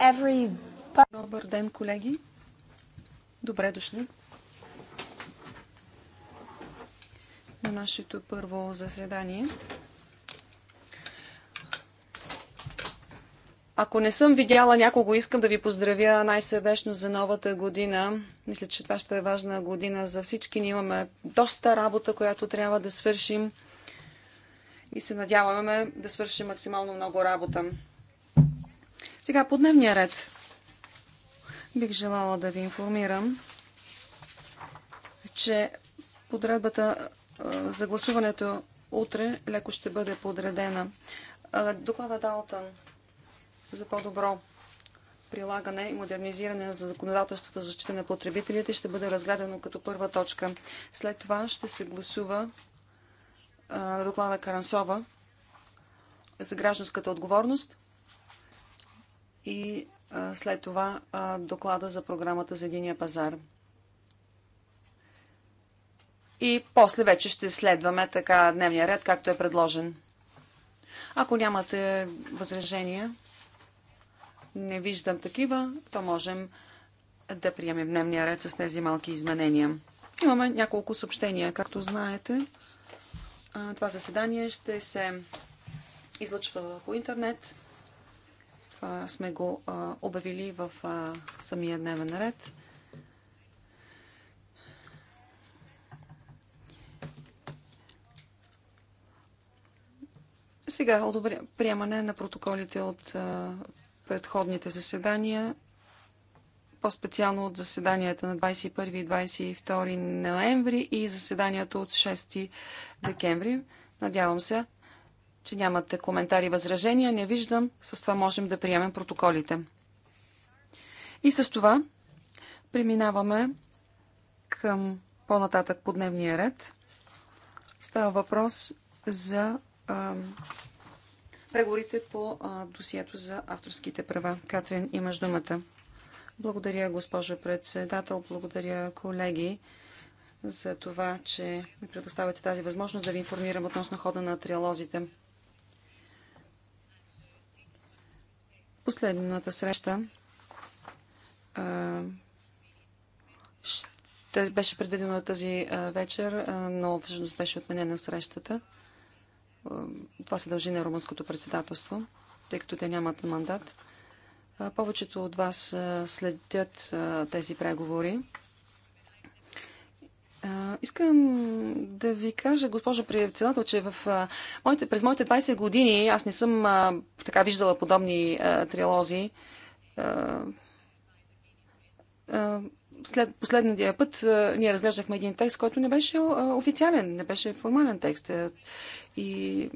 Every... Добър ден, колеги! Добре дошли на нашето първо заседание. Ако не съм видяла някого, искам да ви поздравя най-сърдечно за новата година. Мисля, че това ще е важна година за всички. Ние имаме доста работа, която трябва да свършим и се надяваме да свършим максимално много работа. Сега по дневния ред бих желала да ви информирам, че подредбата за гласуването утре леко ще бъде подредена. Доклада Далтън за по-добро прилагане и модернизиране за законодателството за защита на потребителите ще бъде разгледано като първа точка. След това ще се гласува доклада Карансова за гражданската отговорност и след това доклада за програмата за единия пазар. И после вече ще следваме така дневния ред, както е предложен. Ако нямате възражения, не виждам такива, то можем да приемем дневния ред с тези малки изменения. Имаме няколко съобщения. Както знаете, това заседание ще се излъчва по интернет сме го обявили в самия дневен ред. Сега приемане на протоколите от предходните заседания, по-специално от заседанията на 21 и 22 ноември и заседанията от 6 декември. Надявам се че нямате коментари и възражения. Не виждам. С това можем да приемем протоколите. И с това преминаваме към по-нататък по дневния ред. Става въпрос за а, преговорите по а, досието за авторските права. Катрин, имаш думата. Благодаря, госпожо председател. Благодаря, колеги, за това, че ми предоставяте тази възможност да ви информирам относно хода на триалозите. последната среща ще беше предвидено тази вечер, но всъщност беше отменена срещата. Това се дължи на румънското председателство, тъй като те нямат мандат. Повечето от вас следят тези преговори. Искам да ви кажа, госпожо председател, че в, моите, през моите 20 години аз не съм а, така виждала подобни а, трилози. А, а, след последния път а, ние разглеждахме един текст, който не беше а, официален, не беше формален текст. А, и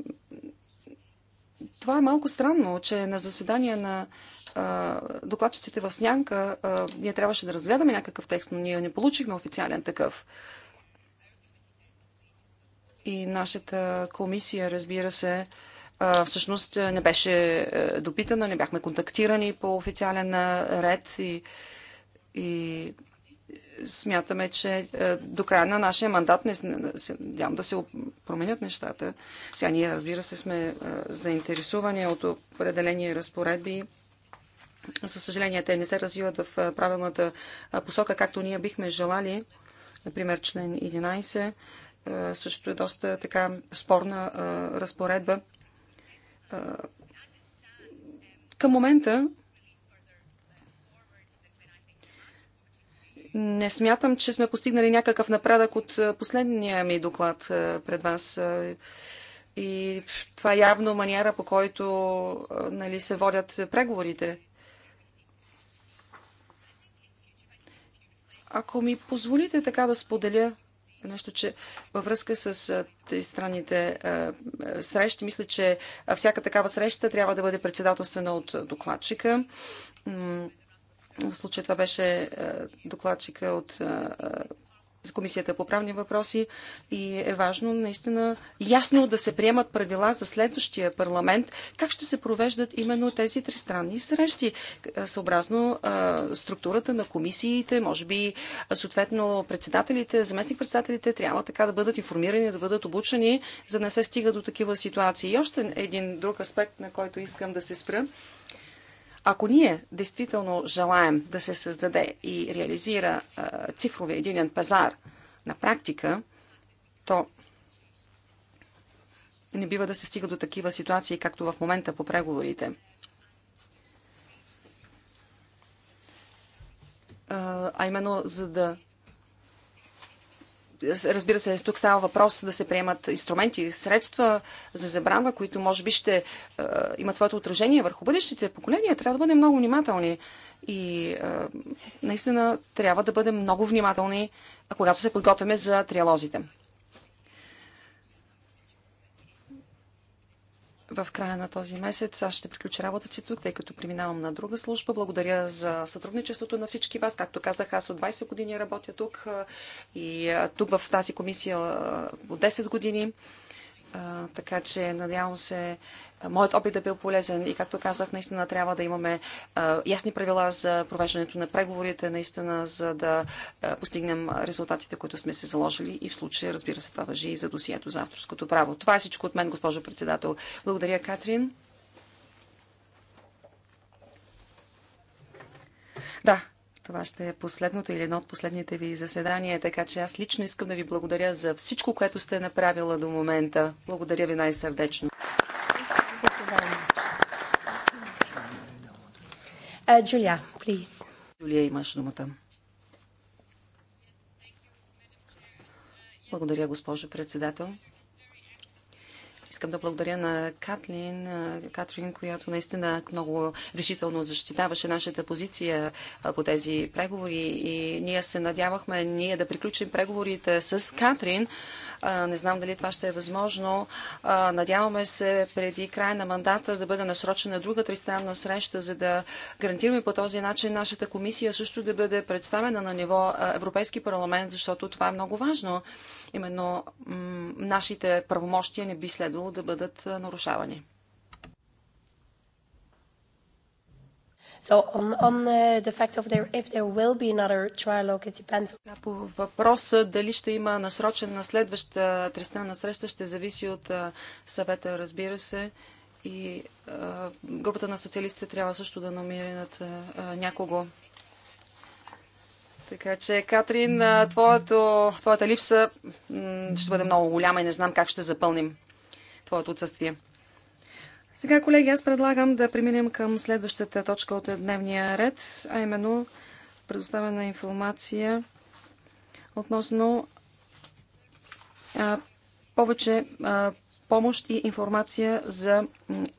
това е малко странно, че на заседание на а, докладчиците в Снянка а, ние трябваше да разгледаме някакъв текст, но ние не получихме официален такъв. А, и нашата комисия, разбира се, всъщност не беше допитана, не бяхме контактирани по официален ред и, и смятаме, че до края на нашия мандат не надявам да се променят нещата. Сега ние, разбира се, сме заинтересувани от определени разпоредби. За съжаление, те не се развиват в правилната посока, както ние бихме желали. Например, член 11 е, също е доста така спорна е, разпоредба. Е, към момента не смятам, че сме постигнали някакъв напредък от последния ми доклад пред вас. И това е явно манера, по който нали, се водят преговорите. Ако ми позволите така да споделя нещо, че във връзка с тристранните срещи, мисля, че всяка такава среща трябва да бъде председателствена от докладчика. В случая това беше докладчика от с Комисията по правни въпроси и е важно наистина ясно да се приемат правила за следващия парламент, как ще се провеждат именно тези тристранни срещи, е, съобразно а, е, структурата на комисиите, може би е, съответно председателите, заместник-председателите трябва така да бъдат информирани, да бъдат обучени, за да не се стига до такива ситуации. И още един друг аспект, на който искам да се спра ако ние действително желаем да се създаде и реализира цифровия единен пазар на практика, то не бива да се стига до такива ситуации, както в момента по преговорите. А именно, за да Разбира се, тук става въпрос да се приемат инструменти и средства за забрана, които може би ще имат своето отражение върху бъдещите поколения. Трябва да бъдем много внимателни и наистина трябва да бъдем много внимателни, когато се подготвяме за триалозите. в края на този месец. Аз ще приключа работата си тук, тъй като преминавам на друга служба. Благодаря за сътрудничеството на всички вас. Както казах, аз от 20 години работя тук и тук в тази комисия от 10 години така че, надявам се, моят опит да бил полезен и, както казах, наистина трябва да имаме а, ясни правила за провеждането на преговорите, наистина, за да а, постигнем резултатите, които сме се заложили и в случая, разбира се, това въжи и за досието за авторското право. Това е всичко от мен, госпожо председател. Благодаря, Катрин. Да, това ще е последното или едно от последните ви заседания, така че аз лично искам да ви благодаря за всичко, което сте направила до момента. Благодаря ви най-сърдечно. Е, Джулия, uh, Джулия, имаш думата. Благодаря, госпожо председател. Искам да благодаря на Катлин, Катрин, която наистина много решително защитаваше нашата позиция по тези преговори и ние се надявахме ние да приключим преговорите с Катрин не знам дали това ще е възможно. Надяваме се преди края на мандата да бъде насрочена друга тристранна среща, за да гарантираме по този начин нашата комисия също да бъде представена на ниво Европейски парламент, защото това е много важно. Именно нашите правомощия не би следвало да бъдат нарушавани. So on, on uh, the fact of there, if there will be another trialogue, it depends. По въпроса дали ще има насрочен на следваща тристранна среща ще зависи от съвета, разбира се. И а, групата на социалистите трябва също да номинират някого. Така че, Катрин, твоето, твоята липса ще бъде много голяма и не знам как ще запълним твоето отсъствие. Сега, колеги, аз предлагам да преминем към следващата точка от дневния ред, а именно предоставена информация относно а, повече а, помощ и информация за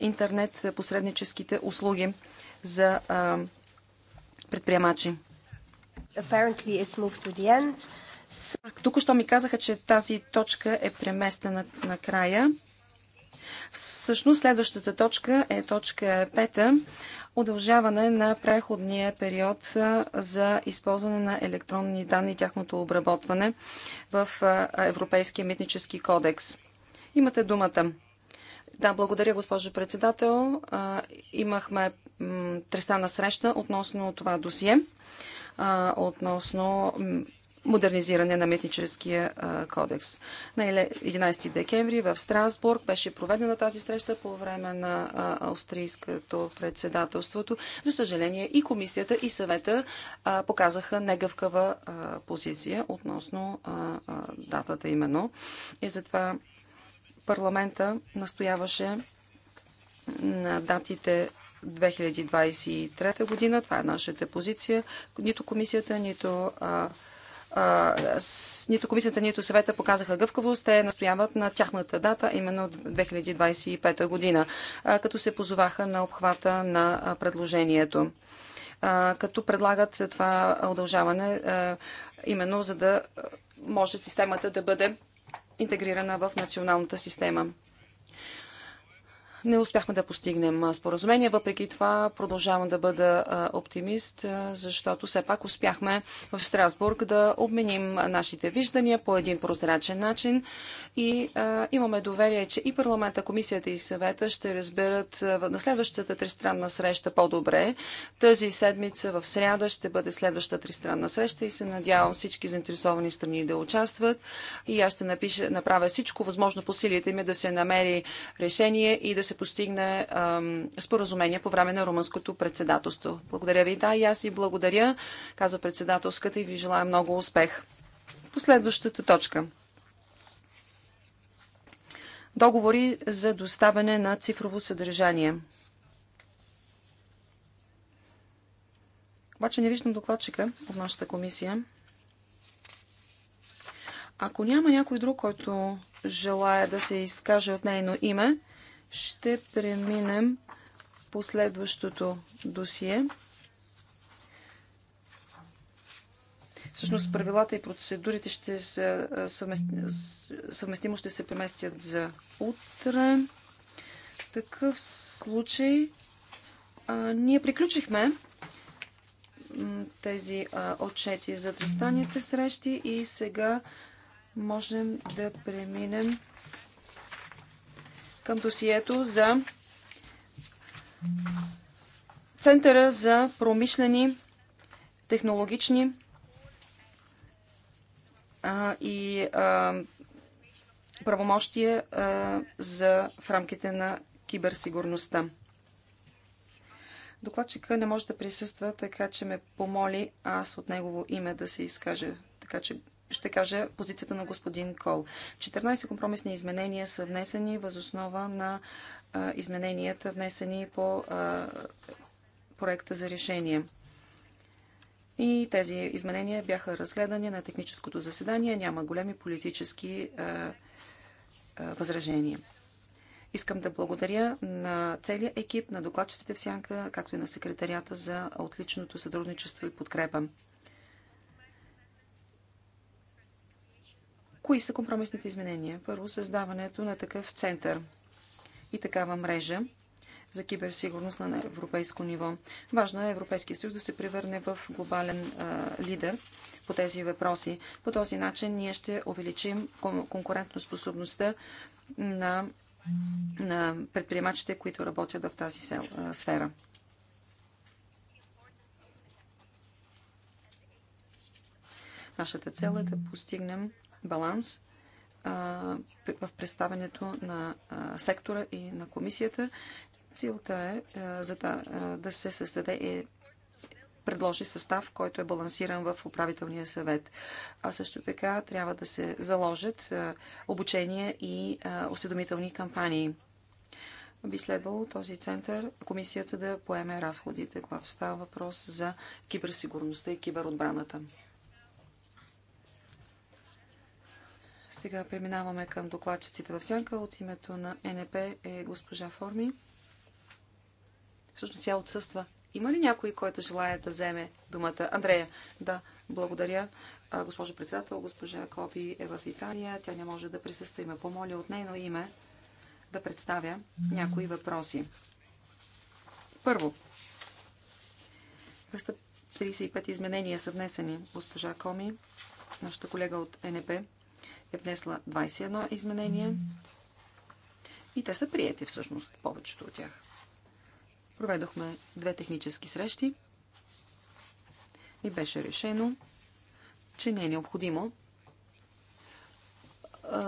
интернет посредническите услуги за а, предприемачи. Тук що ми казаха, че тази точка е преместена на края. Всъщност следващата точка е точка 5 удължаване на преходния период за използване на електронни данни и тяхното обработване в Европейския митнически кодекс. Имате думата. Да, благодаря, госпожо председател. Имахме на среща относно това досие, относно модернизиране на митническия кодекс. На 11 декември в Страсбург беше проведена тази среща по време на австрийското председателството. За съжаление и комисията и съвета показаха негъвкава позиция относно датата именно. И затова парламента настояваше на датите 2023 година. Това е нашата позиция. Нито комисията, нито нито комисията, нито съвета показаха гъвкавост. Те настояват на тяхната дата, именно 2025 година, като се позоваха на обхвата на предложението. Като предлагат това удължаване, именно за да може системата да бъде интегрирана в националната система не успяхме да постигнем споразумение. Въпреки това продължавам да бъда оптимист, защото все пак успяхме в Страсбург да обменим нашите виждания по един прозрачен начин и имаме доверие, че и парламента, комисията и съвета ще разберат на следващата тристранна среща по-добре. Тази седмица в сряда ще бъде следващата тристранна среща и се надявам всички заинтересовани страни да участват и аз ще напиша, направя всичко възможно по силите ми да се намери решение и да се се постигне споразумение по време на румънското председателство. Благодаря ви. Да, и аз ви благодаря, казва председателската и ви желая много успех. Последващата точка. Договори за доставяне на цифрово съдържание. Обаче не виждам докладчика от нашата комисия. Ако няма някой друг, който желая да се изкаже от нейно име, ще преминем последващото досие. Всъщност правилата и процедурите ще се съвмест... съвместимо ще се преместят за утре. В такъв случай а, ние приключихме тези а, отчети за тристанните срещи и сега можем да преминем към досието за Центъра за промишлени, технологични а, и а, правомощия а, за, в рамките на киберсигурността. Докладчика не може да присъства, така че ме помоли аз от негово име да се изкаже. Така че ще кажа позицията на господин Кол. 14 компромисни изменения са внесени възоснова на а, измененията, внесени по а, проекта за решение. И тези изменения бяха разгледани на техническото заседание. Няма големи политически а, възражения. Искам да благодаря на целия екип, на докладчиците в Сянка, както и на секретарията за отличното сътрудничество и подкрепа. Кои са компромисните изменения? Първо, създаването на такъв център и такава мрежа за киберсигурност на европейско ниво. Важно е Европейския съюз да се превърне в глобален а, лидер по тези въпроси. По този начин ние ще увеличим конкурентоспособността на, на предприемачите, които работят в тази сел, а, сфера. Нашата цел е да постигнем баланс в представянето на сектора и на комисията. Целта е за да, да се създаде и предложи състав, който е балансиран в управителния съвет. А също така трябва да се заложат обучение и осведомителни кампании. Би следвало този център, комисията да поеме разходите, когато става въпрос за киберсигурността и киберотбраната. Сега преминаваме към докладчиците в сянка. От името на НП е госпожа Форми. Всъщност тя отсъства. Има ли някой, който желая да вземе думата? Андрея, да, благодаря. Госпожо председател, госпожа Коби е в Италия. Тя не може да присъства и ме помоля от нейно име да представя някои въпроси. Първо, 235 изменения са внесени. Госпожа Коми, нашата колега от НП, е внесла 21 изменения и те са приети всъщност, повечето от тях. Проведохме две технически срещи и беше решено, че не е необходимо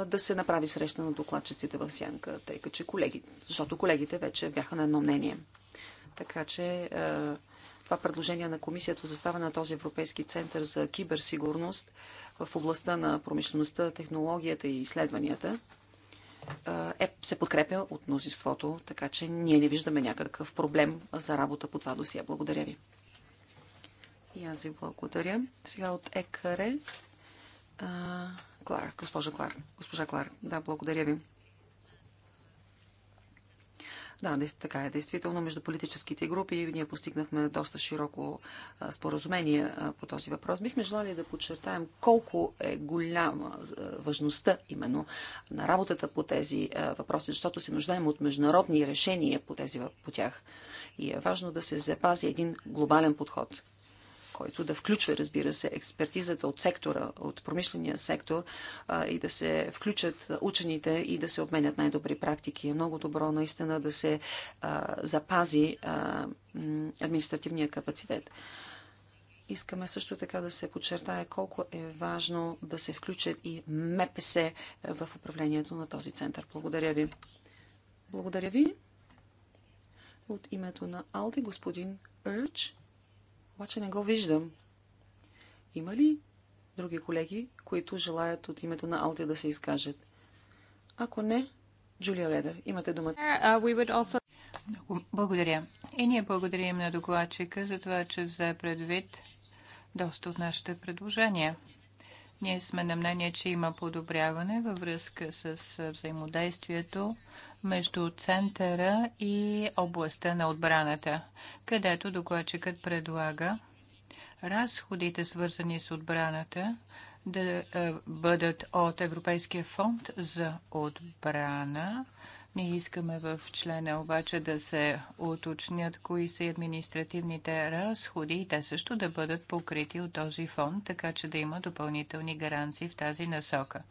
да се направи среща на докладчиците в Сянка, тъй като колегите, защото колегите вече бяха на едно мнение. Така че това предложение на Комисията за става на този Европейски център за киберсигурност в областта на промишлеността, технологията и изследванията е, се подкрепя от мнозинството, така че ние не виждаме някакъв проблем за работа по това досие. Благодаря ви. И аз ви благодаря. Сега от ЕКР. Клар, госпожа Клар. Госпожа Клар, да, благодаря ви. Да, така е. Действително, между политическите групи ние постигнахме доста широко споразумение по този въпрос. Бихме желали да подчертаем колко е голяма важността именно на работата по тези въпроси, защото се нуждаем от международни решения по, тези, по тях. И е важно да се запази един глобален подход който да включва, разбира се, експертизата от сектора, от промишления сектор и да се включат учените и да се обменят най-добри практики. Е много добро наистина да се запази административния капацитет. Искаме също така да се подчертае колко е важно да се включат и МПС в управлението на този център. Благодаря ви. Благодаря ви. От името на Алди господин Ирч обаче не го виждам. Има ли други колеги, които желаят от името на Алти да се изкажат? Ако не, Джулия Редър, имате думата. Е, Много благодаря. И ние благодарим на докладчика за това, че взе предвид доста от нашите предложения. Ние сме на мнение, че има подобряване във връзка с взаимодействието между центъра и областта на отбраната, където докладчикът предлага разходите, свързани с отбраната, да бъдат от Европейския фонд за отбрана ние искаме в члена обаче да се уточнят кои са административните разходи и те също да бъдат покрити от този фонд, така че да има допълнителни гаранции в тази насока.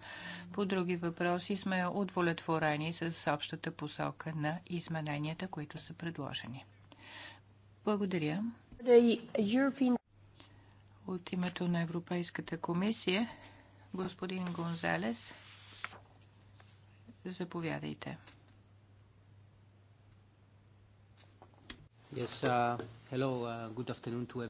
По други въпроси сме удовлетворени с общата посока на измененията, които са предложени. Благодаря. От името на Европейската комисия, господин Гонзалес, заповядайте. Yes, uh, hello, uh, good afternoon to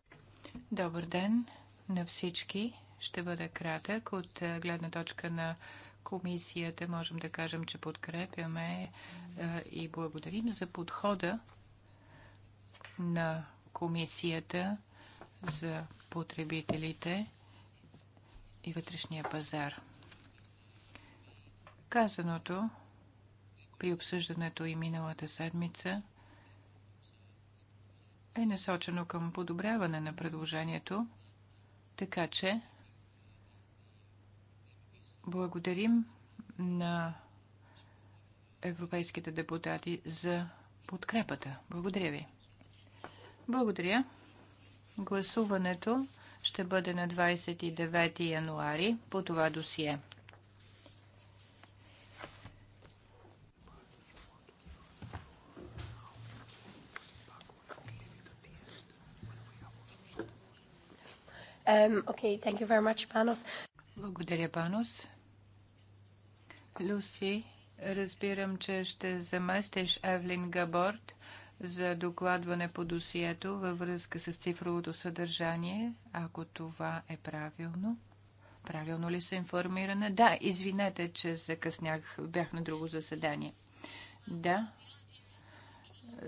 Добър ден на всички. Ще бъда кратък. От е, гледна точка на комисията можем да кажем, че подкрепяме е, и благодарим за подхода на комисията за потребителите и вътрешния пазар. Казаното при обсъждането и миналата седмица – е насочено към подобряване на предложението, така че благодарим на европейските депутати за подкрепата. Благодаря ви. Благодаря. Гласуването ще бъде на 29 януари по това досие. Um, okay, thank you very much, Panos. Благодаря, Панос. Люси, разбирам, че ще заместиш Евлин Габорд за докладване по досието във връзка с цифровото съдържание, ако това е правилно. Правилно ли са информирана? Да, извинете, че закъснях. Бях на друго заседание. Да,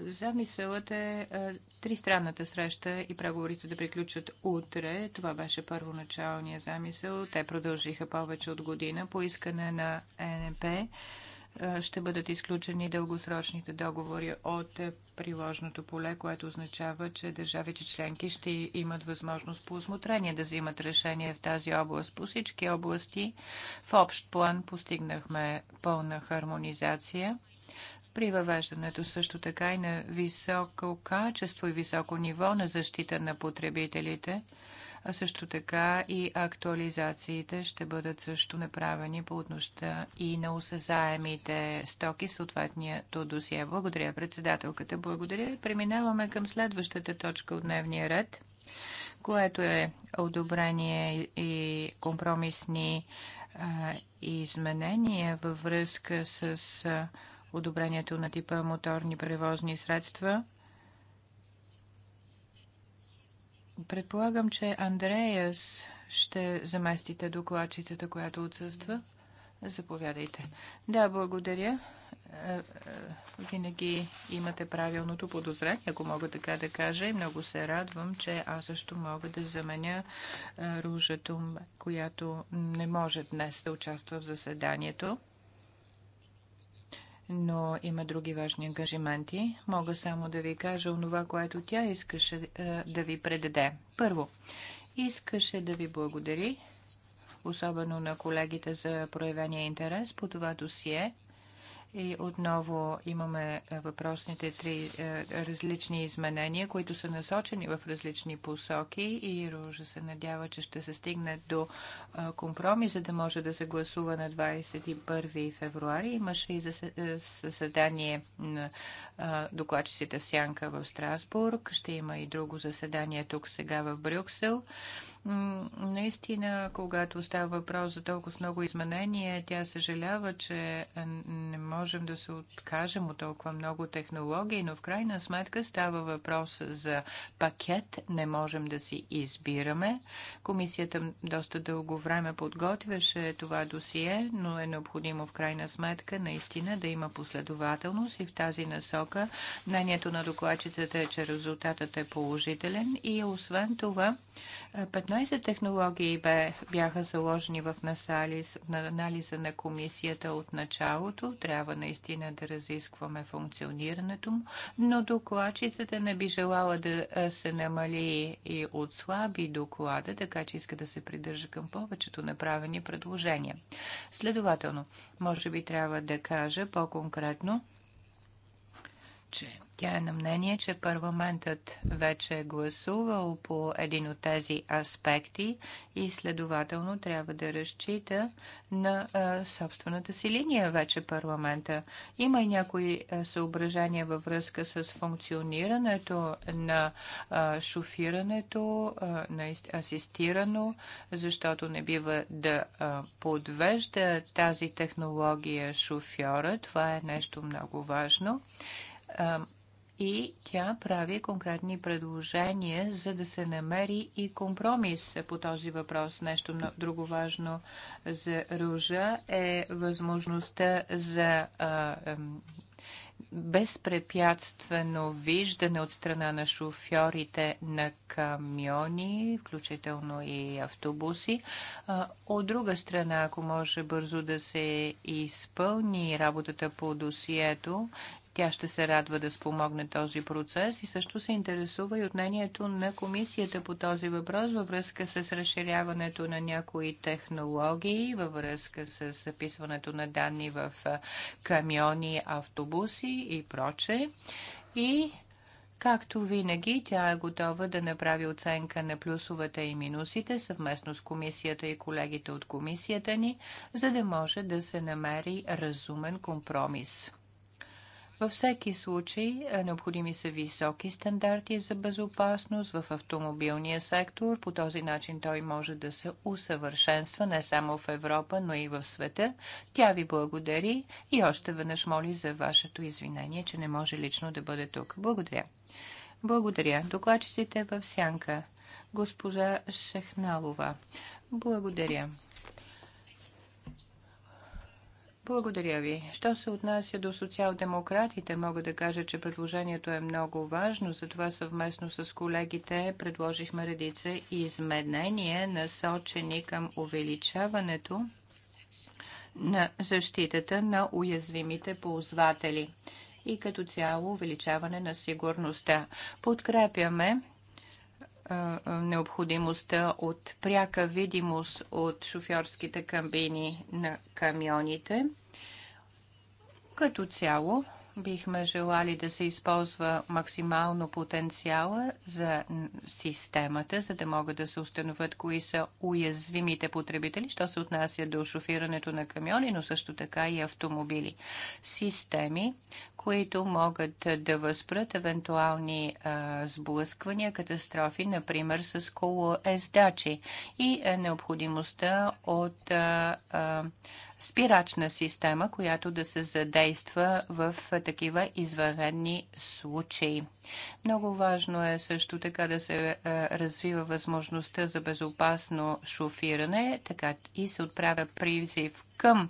Замисълът е, е тристранната среща и преговорите да приключат утре. Това беше първоначалния замисъл. Те продължиха повече от година по искане на ЕНП е, ще бъдат изключени дългосрочните договори от приложното поле, което означава, че държавите членки ще имат възможност по осмотрение да взимат решение в тази област. По всички области в общ план постигнахме пълна хармонизация при въвеждането също така и на високо качество и високо ниво на защита на потребителите, а също така и актуализациите ще бъдат също направени по отношта и на осъзаемите стоки, съответното досие. Благодаря, председателката. Благодаря. Преминаваме към следващата точка от дневния ред, което е одобрение и компромисни а, изменения във връзка с а, одобрението на типа моторни превозни средства. Предполагам, че Андреас ще заместите докладчицата, която отсъства. Заповядайте. Да, благодаря. Е, е, винаги имате правилното подозрение, ако мога така да кажа. И много се радвам, че аз също мога да заменя е, Ружето, която не може днес да участва в заседанието но има други важни ангажименти. Мога само да ви кажа онова, което тя искаше е, да ви предаде. Първо, искаше да ви благодари, особено на колегите за проявения интерес по това досие. И отново имаме е, въпросните три е, различни изменения, които са насочени в различни посоки и Ружа се надява, че ще се стигне до е, компромис, за да може да се гласува на 21 февруари. Имаше и заседание на докладчиците в Сянка в Страсбург. Ще има и друго заседание тук сега в Брюксел. Наистина, когато става въпрос за толкова много изменения, тя съжалява, че не можем да се откажем от толкова много технологии, но в крайна сметка става въпрос за пакет. Не можем да си избираме. Комисията доста дълго време подготвяше това досие, но е необходимо в крайна сметка наистина да има последователност и в тази насока мнението на докладчицата е, че резултатът е положителен и освен това 15 технологии бе, бяха заложени в насализ, на анализа на комисията от началото. Трябва наистина да разискваме функционирането му, но докладчицата не би желала да се намали и отслаби доклада, така че иска да се придържа към повечето направени предложения. Следователно, може би трябва да кажа по-конкретно, обаче. Тя е на мнение, че парламентът вече е гласувал по един от тези аспекти и следователно трябва да разчита на а, собствената си линия вече парламента. Има и някои а, съображения във връзка с функционирането на а, шофирането, а, на асистирано, защото не бива да а, подвежда тази технология шофьора. Това е нещо много важно и тя прави конкретни предложения, за да се намери и компромис по този въпрос. Нещо много друго важно за Ружа е възможността за а, безпрепятствено виждане от страна на шофьорите на камиони, включително и автобуси. От друга страна, ако може бързо да се изпълни работата по досието тя ще се радва да спомогне този процес и също се интересува и от мнението на комисията по този въпрос във връзка с разширяването на някои технологии, във връзка с записването на данни в камиони, автобуси и проче. И Както винаги, тя е готова да направи оценка на плюсовете и минусите съвместно с комисията и колегите от комисията ни, за да може да се намери разумен компромис. Във всеки случай е, необходими са високи стандарти за безопасност в автомобилния сектор. По този начин той може да се усъвършенства не само в Европа, но и в света. Тя ви благодари и още веднъж моли за вашето извинение, че не може лично да бъде тук. Благодаря. Благодаря. Докладчиците в сянка. Госпожа Шехналова. Благодаря. Благодаря ви. Що се отнася до социал-демократите, мога да кажа, че предложението е много важно. Затова съвместно с колегите предложихме редица изменения, насочени към увеличаването на защитата на уязвимите ползватели и като цяло увеличаване на сигурността. Подкрепяме необходимостта от пряка видимост от шофьорските камбини на камионите. Като цяло бихме желали да се използва максимално потенциала за системата, за да могат да се установят кои са уязвимите потребители, що се отнася до шофирането на камиони, но също така и автомобили. Системи, които могат да възпрат евентуални а, сблъсквания, катастрофи, например с колоездачи и а, е, необходимостта от а, а, спирачна система, която да се задейства в такива извънредни случаи. Много важно е също така да се е, развива възможността за безопасно шофиране, така и се отправя призив към а,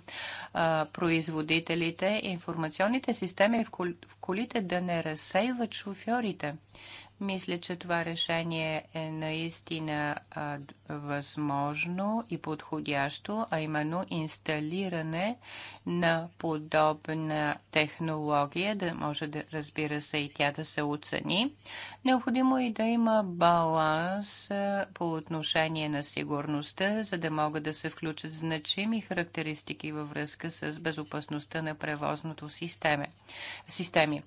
е, производителите, информационните системи в колите да не разсейват шофьорите. Мисля, че това решение е наистина а, възможно и подходящо, а именно инсталиране на подобна технология, да може да разбира се и тя да се оцени. Необходимо е и да има баланс а, по отношение на сигурността, за да могат да се включат значими характеристики във връзка с безопасността на превозното системе. системи.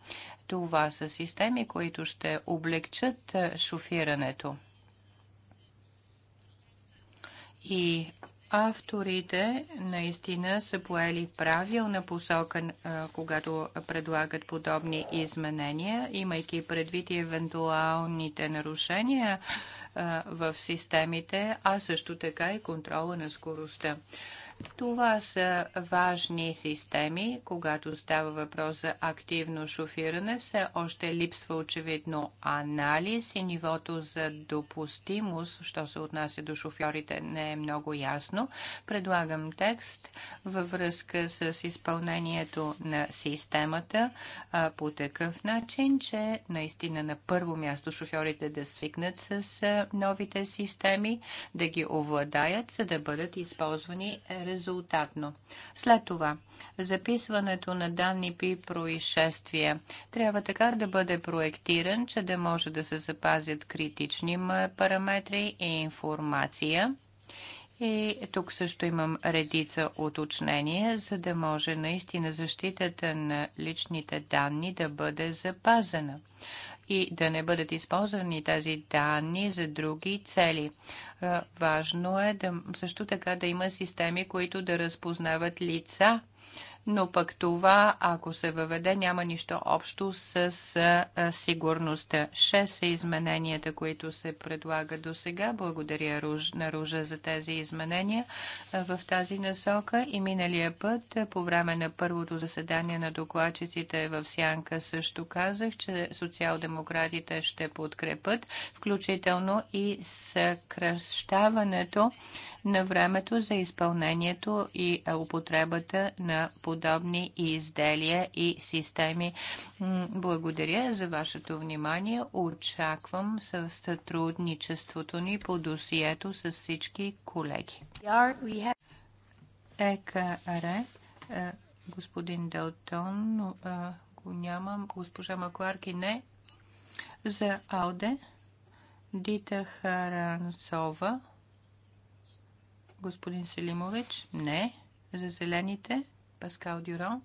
Това са системи, които ще облегчат е, шофирането. И авторите наистина са поели правилна посока, е, когато предлагат подобни изменения, имайки предвид и евентуалните нарушения е, в системите, а също така и контрола на скоростта. Това са важни системи, когато става въпрос за активно шофиране. Все още липсва очевидно анализ и нивото за допустимост, що се отнася до шофьорите, не е много ясно. Предлагам текст във връзка с изпълнението на системата по такъв начин, че наистина на първо място шофьорите да свикнат с новите системи, да ги овладаят, за да бъдат използвани безрезултатно. След това, записването на данни при происшествия трябва така да бъде проектиран, че да може да се запазят критични параметри и информация. И тук също имам редица уточнения, за да може наистина защитата на личните данни да бъде запазена и да не бъдат използвани тези данни за други цели. Е, важно е да, също така да има системи, които да разпознават лица, но пък това, ако се въведе, няма нищо общо с сигурността. Шест са измененията, които се предлага до сега. Благодаря на Ружа за тези изменения в тази насока и миналия път по време на първото заседание на докладчиците в Сянка също казах, че социал-демократите ще подкрепят, включително и съкръщаването на времето за изпълнението и употребата на подобни изделия и системи. Благодаря за вашето внимание. Очаквам сътрудничеството ни по досието с всички колеги. ЕКР, господин Делтон, го нямам. Госпожа Макларки не. За Алде, Дита Харанцова. Господин Селимович? Не. За зелените? Паскал Дюрон?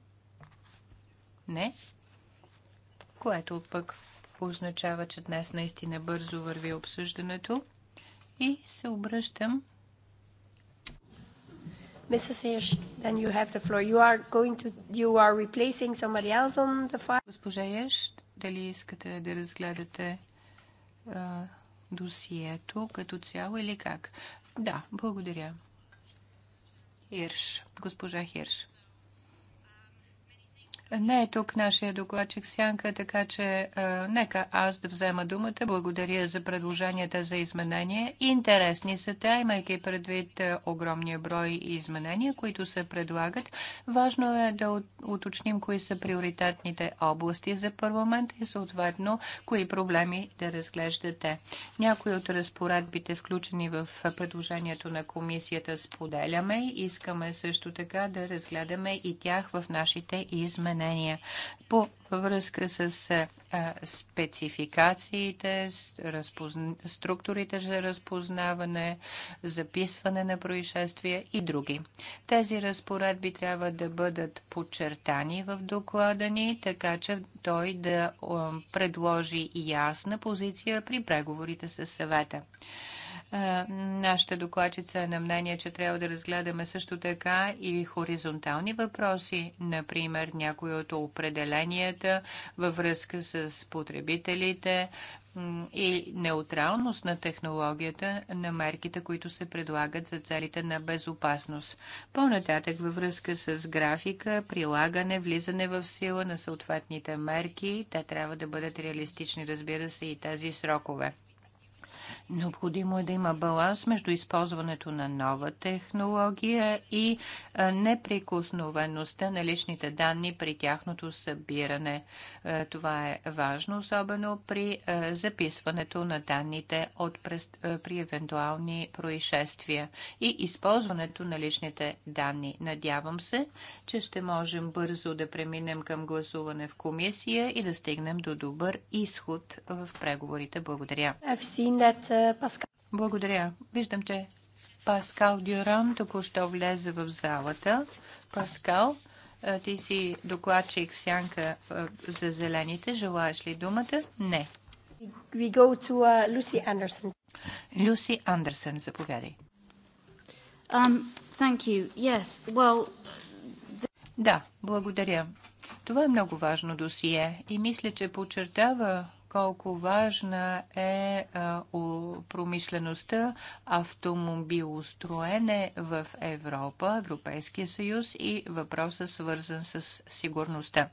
Не. Което пък означава, че днес наистина бързо върви обсъждането. И се обръщам. Mrs. Hirsch, then you have the floor. You are going to, you are replacing somebody else on the file. Госпожа Еш, дали искате да разгледате досието като цяло или как? Да, благодаря. Хирш, госпожа Хирш. Не е тук нашия докладчик Сянка, така че е, нека аз да взема думата. Благодаря за предложенията за изменения. Интересни са те, имайки предвид огромния брой изменения, които се предлагат. Важно е да уточним кои са приоритетните области за парламент и съответно кои проблеми да разглеждате. Някои от разпоредбите, включени в предложението на комисията, споделяме. Искаме също така да разгледаме и тях в нашите изменения изменения по връзка с а, спецификациите, разпозна... структурите за разпознаване, записване на происшествия и други. Тези разпоредби трябва да бъдат подчертани в доклада ни, така че той да предложи ясна позиция при преговорите с съвета. Нашата докладчица е на мнение, че трябва да разгледаме също така и хоризонтални въпроси, например някои от определенията във връзка с потребителите и неутралност на технологията на мерките, които се предлагат за целите на безопасност. По-нататък във връзка с графика, прилагане, влизане в сила на съответните мерки, те трябва да бъдат реалистични, разбира се, и тези срокове. Необходимо е да има баланс между използването на нова технология и неприкосновеността на личните данни при тяхното събиране. Това е важно, особено при записването на данните от, при евентуални происшествия и използването на личните данни. Надявам се, че ще можем бързо да преминем към гласуване в комисия и да стигнем до добър изход в преговорите. Благодаря. I've seen that от Паскал. Благодаря. Виждам, че Паскал Дюран току-що влезе в залата. Паскал, ти си докладчик в сянка за зелените. Желаеш ли думата? Не. We go to uh, Lucy Anderson. Lucy Anderson, заповядай. Um, thank you. Yes. Well, the... Да, благодаря. Това е много важно досие и мисля, че подчертава колко важна е промишлеността, автомобилостроене в Европа, Европейския съюз и въпроса свързан с сигурността.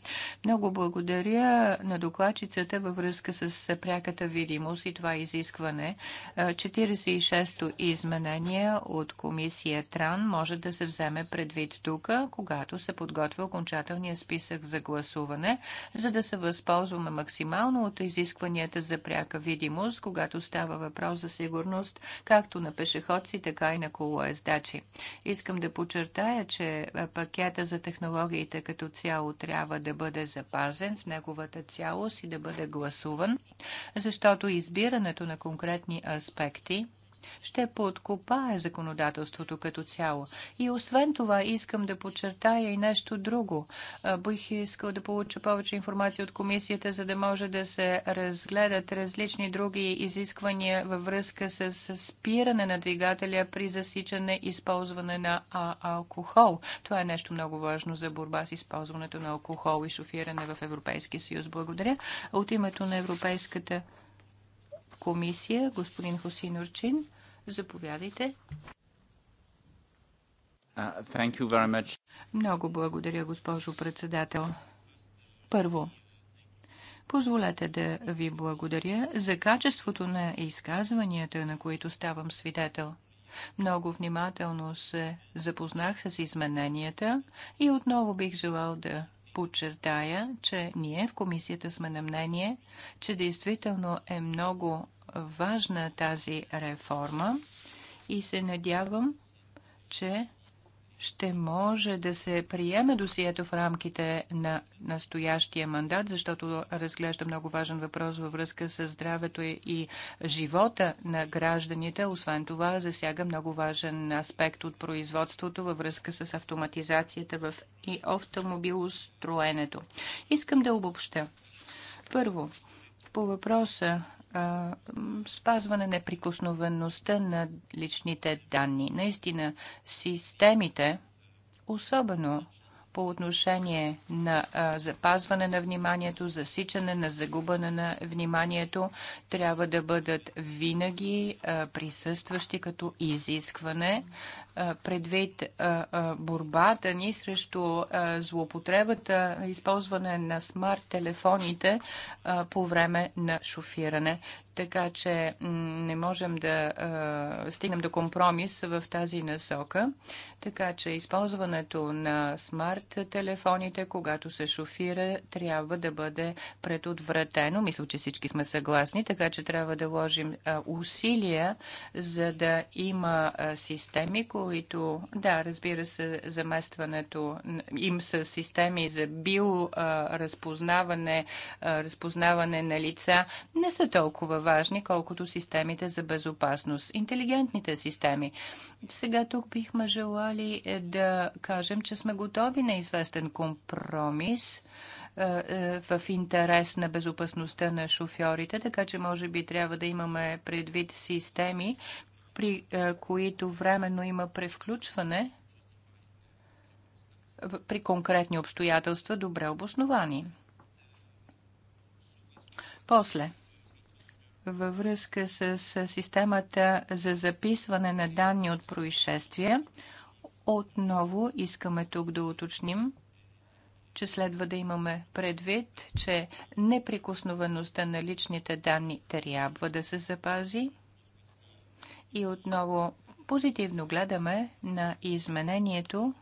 Много благодаря на докладчицата във връзка с пряката видимост и това изискване. 46-то изменение от комисия ТРАН може да се вземе предвид тук, когато се подготвя окончателния списък за гласуване, за да се възползваме максимално от изискването изискванията за пряка видимост, когато става въпрос за сигурност както на пешеходци, така и на колоездачи. Искам да подчертая, че пакета за технологиите като цяло трябва да бъде запазен в неговата цялост и да бъде гласуван, защото избирането на конкретни аспекти ще подкопае законодателството като цяло. И освен това, искам да подчертая и нещо друго. Бих искал да получа повече информация от комисията, за да може да се разгледат различни други изисквания във връзка с спиране на двигателя при засичане и използване на алкохол. Това е нещо много важно за борба с използването на алкохол и шофиране в Европейския съюз. Благодаря. От името на Европейската комисия, господин Хосин Урчин. Заповядайте. Uh, Много благодаря, госпожо председател. Първо, позволете да ви благодаря за качеството на изказванията, на които ставам свидетел. Много внимателно се запознах с измененията и отново бих желал да подчертая, че ние в комисията сме на мнение, че действително е много важна тази реформа и се надявам, че ще може да се приеме досието в рамките на настоящия мандат, защото разглежда много важен въпрос във връзка с здравето и живота на гражданите. Освен това, засяга много важен аспект от производството във връзка с автоматизацията в и автомобилостроенето. Искам да обобща. Първо, по въпроса а, спазване неприкосновеността на личните данни. Наистина, системите, особено по отношение на а, запазване на вниманието, засичане на загубане на вниманието, трябва да бъдат винаги а, присъстващи като изискване предвид борбата ни срещу злоупотребата, използване на смарт телефоните по време на шофиране. Така че не можем да стигнем до компромис в тази насока. Така че използването на смарт телефоните, когато се шофира, трябва да бъде предотвратено. Мисля, че всички сме съгласни, така че трябва да вложим усилия, за да има системи, които които, да, разбира се, заместването им с системи за биоразпознаване, разпознаване на лица, не са толкова важни, колкото системите за безопасност, интелигентните системи. Сега тук бихме желали е, да кажем, че сме готови на известен компромис е, в интерес на безопасността на шофьорите, така че може би трябва да имаме предвид системи, при е, които временно има превключване при конкретни обстоятелства, добре обосновани. После, във връзка с системата за записване на данни от происшествия, отново искаме тук да уточним, че следва да имаме предвид, че неприкосновеността на личните данни трябва да се запази и отново позитивно гледаме на изменението,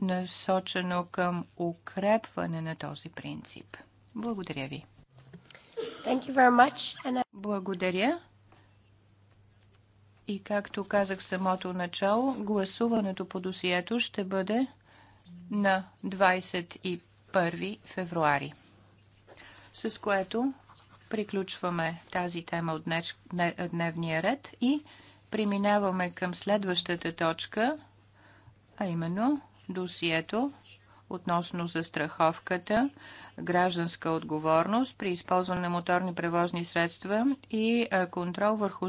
насочено към укрепване на този принцип. Благодаря ви. Thank you very much. And I... Благодаря. И както казах в самото начало, гласуването по досието ще бъде на 21 февруари. С което приключваме тази тема от дневния ред и преминаваме към следващата точка, а именно досието относно застраховката, гражданска отговорност при използване на моторни превозни средства и контрол върху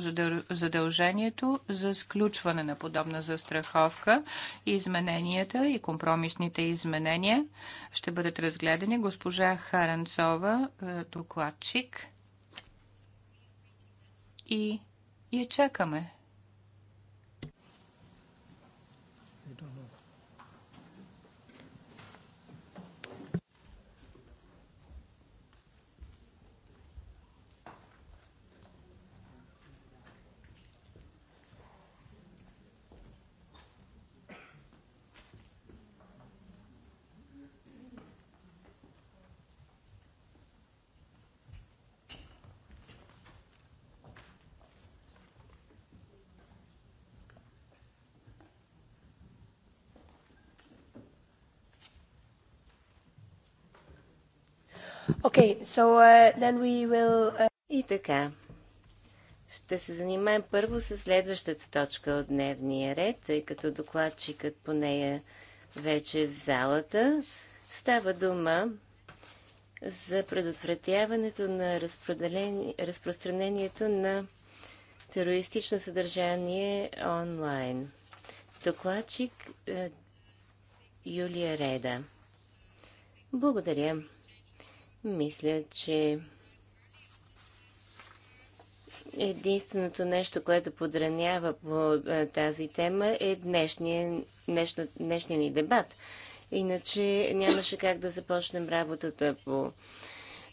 задължението за сключване на подобна застраховка. Измененията и компромисните изменения ще бъдат разгледани. Госпожа Харанцова, докладчик. И я чакаме. Okay, so uh, then we will... Uh... И така. Ще се занимаем първо с следващата точка от дневния ред, тъй като докладчикът по нея вече е в залата. Става дума за предотвратяването на разпространението на терористично съдържание онлайн. Докладчик е, Юлия Реда. Благодаря. Мисля, че единственото нещо, което подранява по тази тема е днешния, днешно, днешния ни дебат. Иначе нямаше как да започнем работата по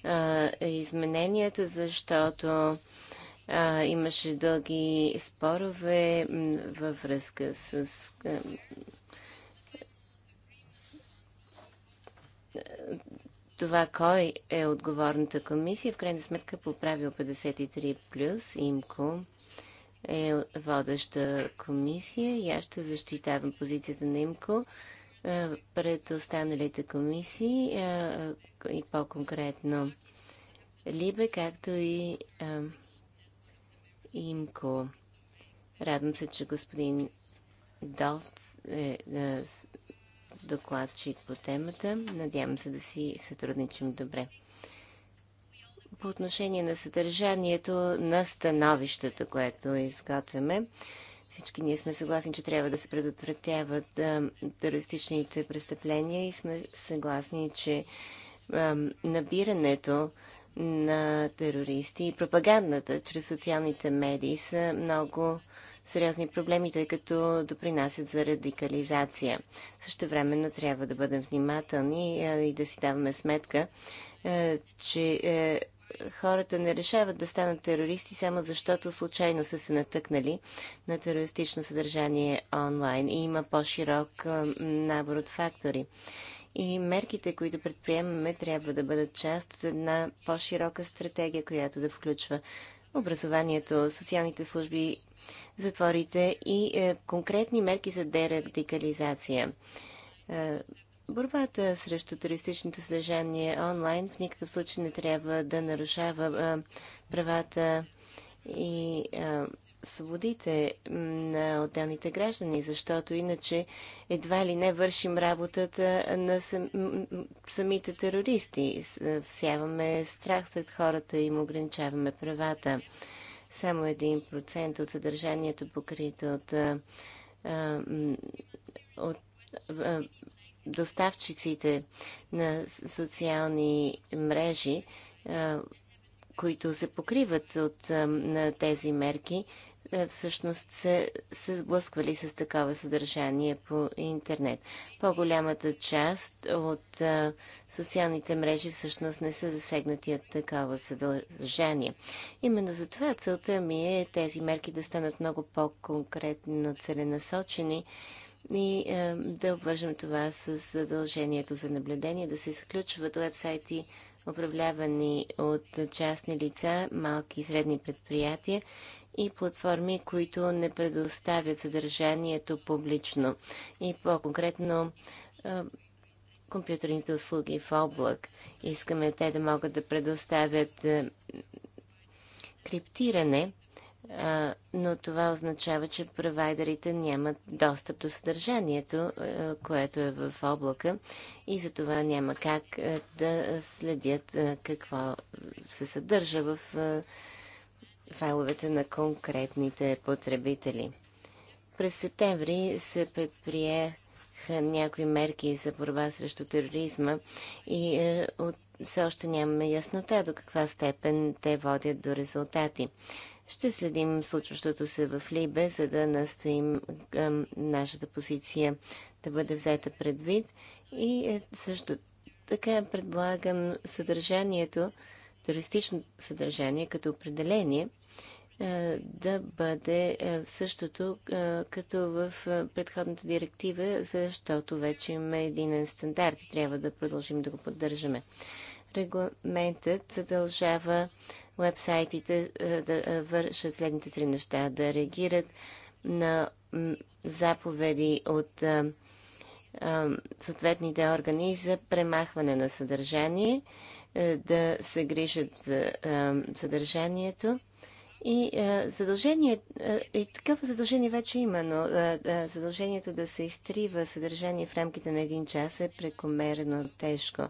а, измененията, защото а, имаше дълги спорове във връзка с. А, това кой е отговорната комисия, в крайна сметка по правил 53 плюс ИМКО е водеща комисия и аз ще защитавам позицията на ИМКО пред останалите комисии и по-конкретно Либе, както и ИМКО. Радвам се, че господин Долт е, е докладчик по темата. Надявам се да си сътрудничим добре. По отношение на съдържанието на становището, което изготвяме, всички ние сме съгласни, че трябва да се предотвратяват а, терористичните престъпления и сме съгласни, че а, набирането на терористи и пропагандата чрез социалните медии са много сериозни проблеми, тъй като допринасят за радикализация. Също времено трябва да бъдем внимателни и да си даваме сметка, че хората не решават да станат терористи само защото случайно са се натъкнали на терористично съдържание онлайн и има по-широк набор от фактори. И мерките, които предприемаме, трябва да бъдат част от една по-широка стратегия, която да включва образованието, социалните служби, затворите и е, конкретни мерки за дерадикализация. Е, борбата срещу туристичното съдържание онлайн в никакъв случай не трябва да нарушава е, правата и свободите на отделните граждани, защото иначе едва ли не вършим работата на самите терористи. Всяваме страх сред хората и им ограничаваме правата само 1% от съдържанието покрито от, от доставчиците на социални мрежи, които се покриват от на тези мерки, е, всъщност се, се сблъсквали с такова съдържание по интернет. По-голямата част от а, е, социалните мрежи всъщност не са засегнати от такова съдържание. Именно за това целта ми е тези мерки да станат много по-конкретно целенасочени и а, е, да обвържем това с задължението за наблюдение, да се изключват вебсайти, управлявани от частни лица, малки и средни предприятия и платформи, които не предоставят съдържанието публично и по-конкретно компютърните услуги в облак. Искаме те да могат да предоставят криптиране, но това означава, че провайдерите нямат достъп до съдържанието, което е в облака и за това няма как да следят какво се съдържа в файловете на конкретните потребители. През септември се предприеха някои мерки за борба срещу тероризма и е, от, все още нямаме яснота до каква степен те водят до резултати. Ще следим случващото се в Либе, за да настоим към нашата позиция да бъде взета предвид и е, също така предлагам съдържанието, терористично съдържание като определение е, да бъде е, същото е, като в предходната директива, защото вече имаме един стандарт и трябва да продължим да го поддържаме. Регламентът задължава вебсайтите да вършат следните три неща. Да реагират на заповеди от съответните органи за премахване на съдържание, да се грижат за съдържанието и е, задължение, е, и такъв задължение вече има, но е, е, задължението да се изтрива съдържание в рамките на един час е прекомерно тежко.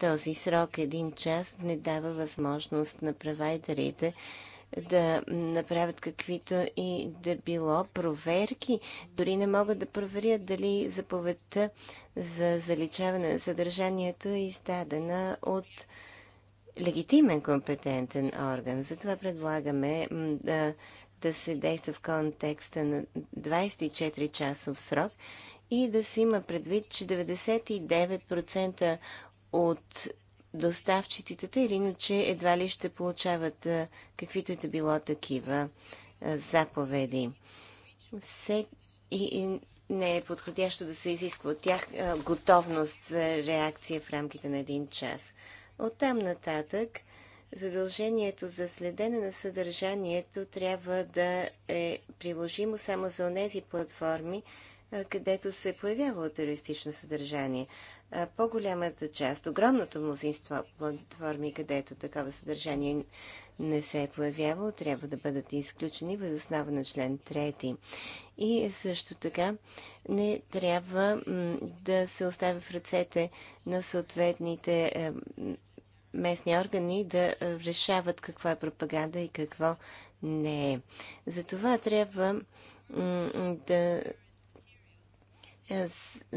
Този срок един час не дава възможност на провайдерите да направят каквито и да било проверки. Дори не могат да проверят дали заповедта за заличаване на съдържанието е издадена от легитимен компетентен орган. Затова предлагаме да, да се действа в контекста на 24-часов срок и да се има предвид, че 99% от доставчиците или иначе едва ли ще получават каквито и да било такива заповеди. Все и, и не е подходящо да се изисква от тях готовност за реакция в рамките на един час. Оттам нататък задължението за следене на съдържанието трябва да е приложимо само за онези платформи, където се появява терористично съдържание. По-голямата част, огромното мнозинство платформи, където такова съдържание не се е появявало, трябва да бъдат изключени въз основа на член 3. И също така не трябва да се остави в ръцете на съответните е, местни органи да е, решават какво е пропаганда и какво не е. Затова трябва да е,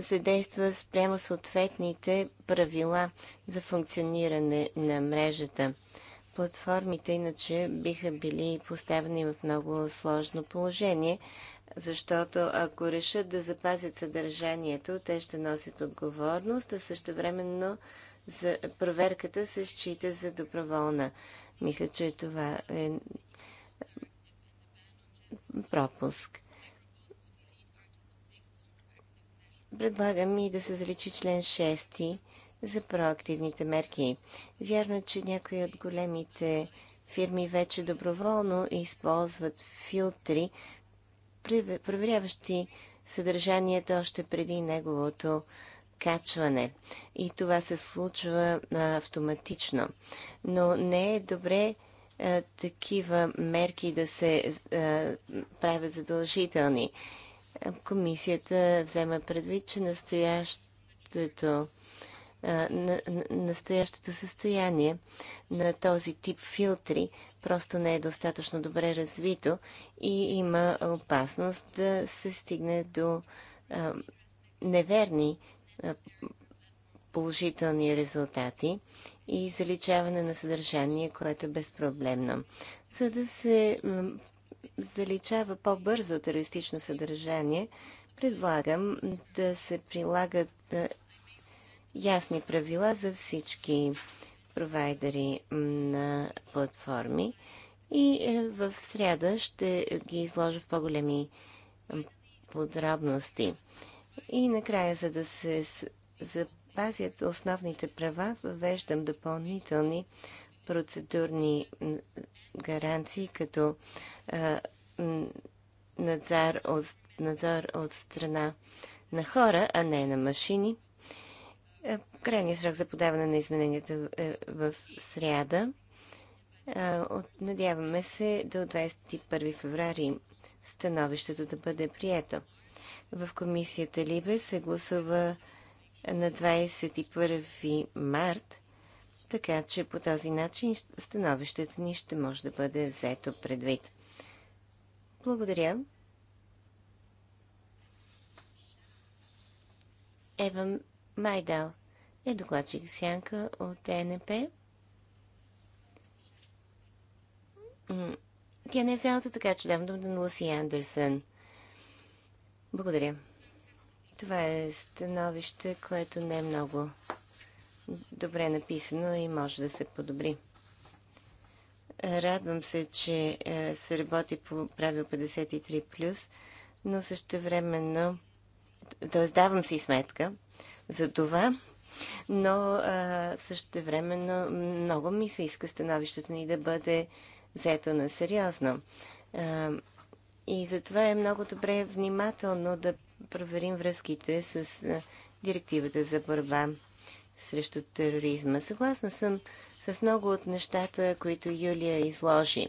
се действа спрямо съответните правила за функциониране на мрежата платформите, иначе биха били поставени в много сложно положение, защото ако решат да запазят съдържанието, те ще носят отговорност, а времено за проверката се счита за доброволна. Мисля, че това е пропуск. Предлагам и да се заличи член 6 за проактивните мерки. Вярно е, че някои от големите фирми вече доброволно използват филтри, проверяващи съдържанието още преди неговото качване. И това се случва автоматично. Но не е добре а, такива мерки да се а, правят задължителни. Комисията взема предвид, че настоящото настоящото състояние на този тип филтри просто не е достатъчно добре развито и има опасност да се стигне до неверни положителни резултати и заличаване на съдържание, което е безпроблемно. За да се заличава по-бързо терористично съдържание, предлагам да се прилагат ясни правила за всички провайдери на платформи и е, в сряда ще ги изложа в по-големи подробности. И накрая, за да се запазят основните права, въвеждам допълнителни процедурни гаранции, като надзор, от, надзор от страна на хора, а не на машини. Е, крайният срок за подаване на измененията е в сряда. Е, надяваме се до 21 феврари становището да бъде прието. В комисията Либе се гласува на 21 март, така че по този начин становището ни ще може да бъде взето предвид. Благодаря. Ева Майдал е докладчик Сянка от ТНП. Тя не е в залата, така че давам дума на Ласи Андерсън. Благодаря. Това е становище, което не е много добре написано и може да се подобри. Радвам се, че се работи по правил 53+, но също времено. т.е. давам си сметка, за това, но времено много ми се иска становището ни да бъде взето на сериозно. И затова е много добре внимателно да проверим връзките с директивата за борба срещу тероризма. Съгласна съм с много от нещата, които Юлия изложи.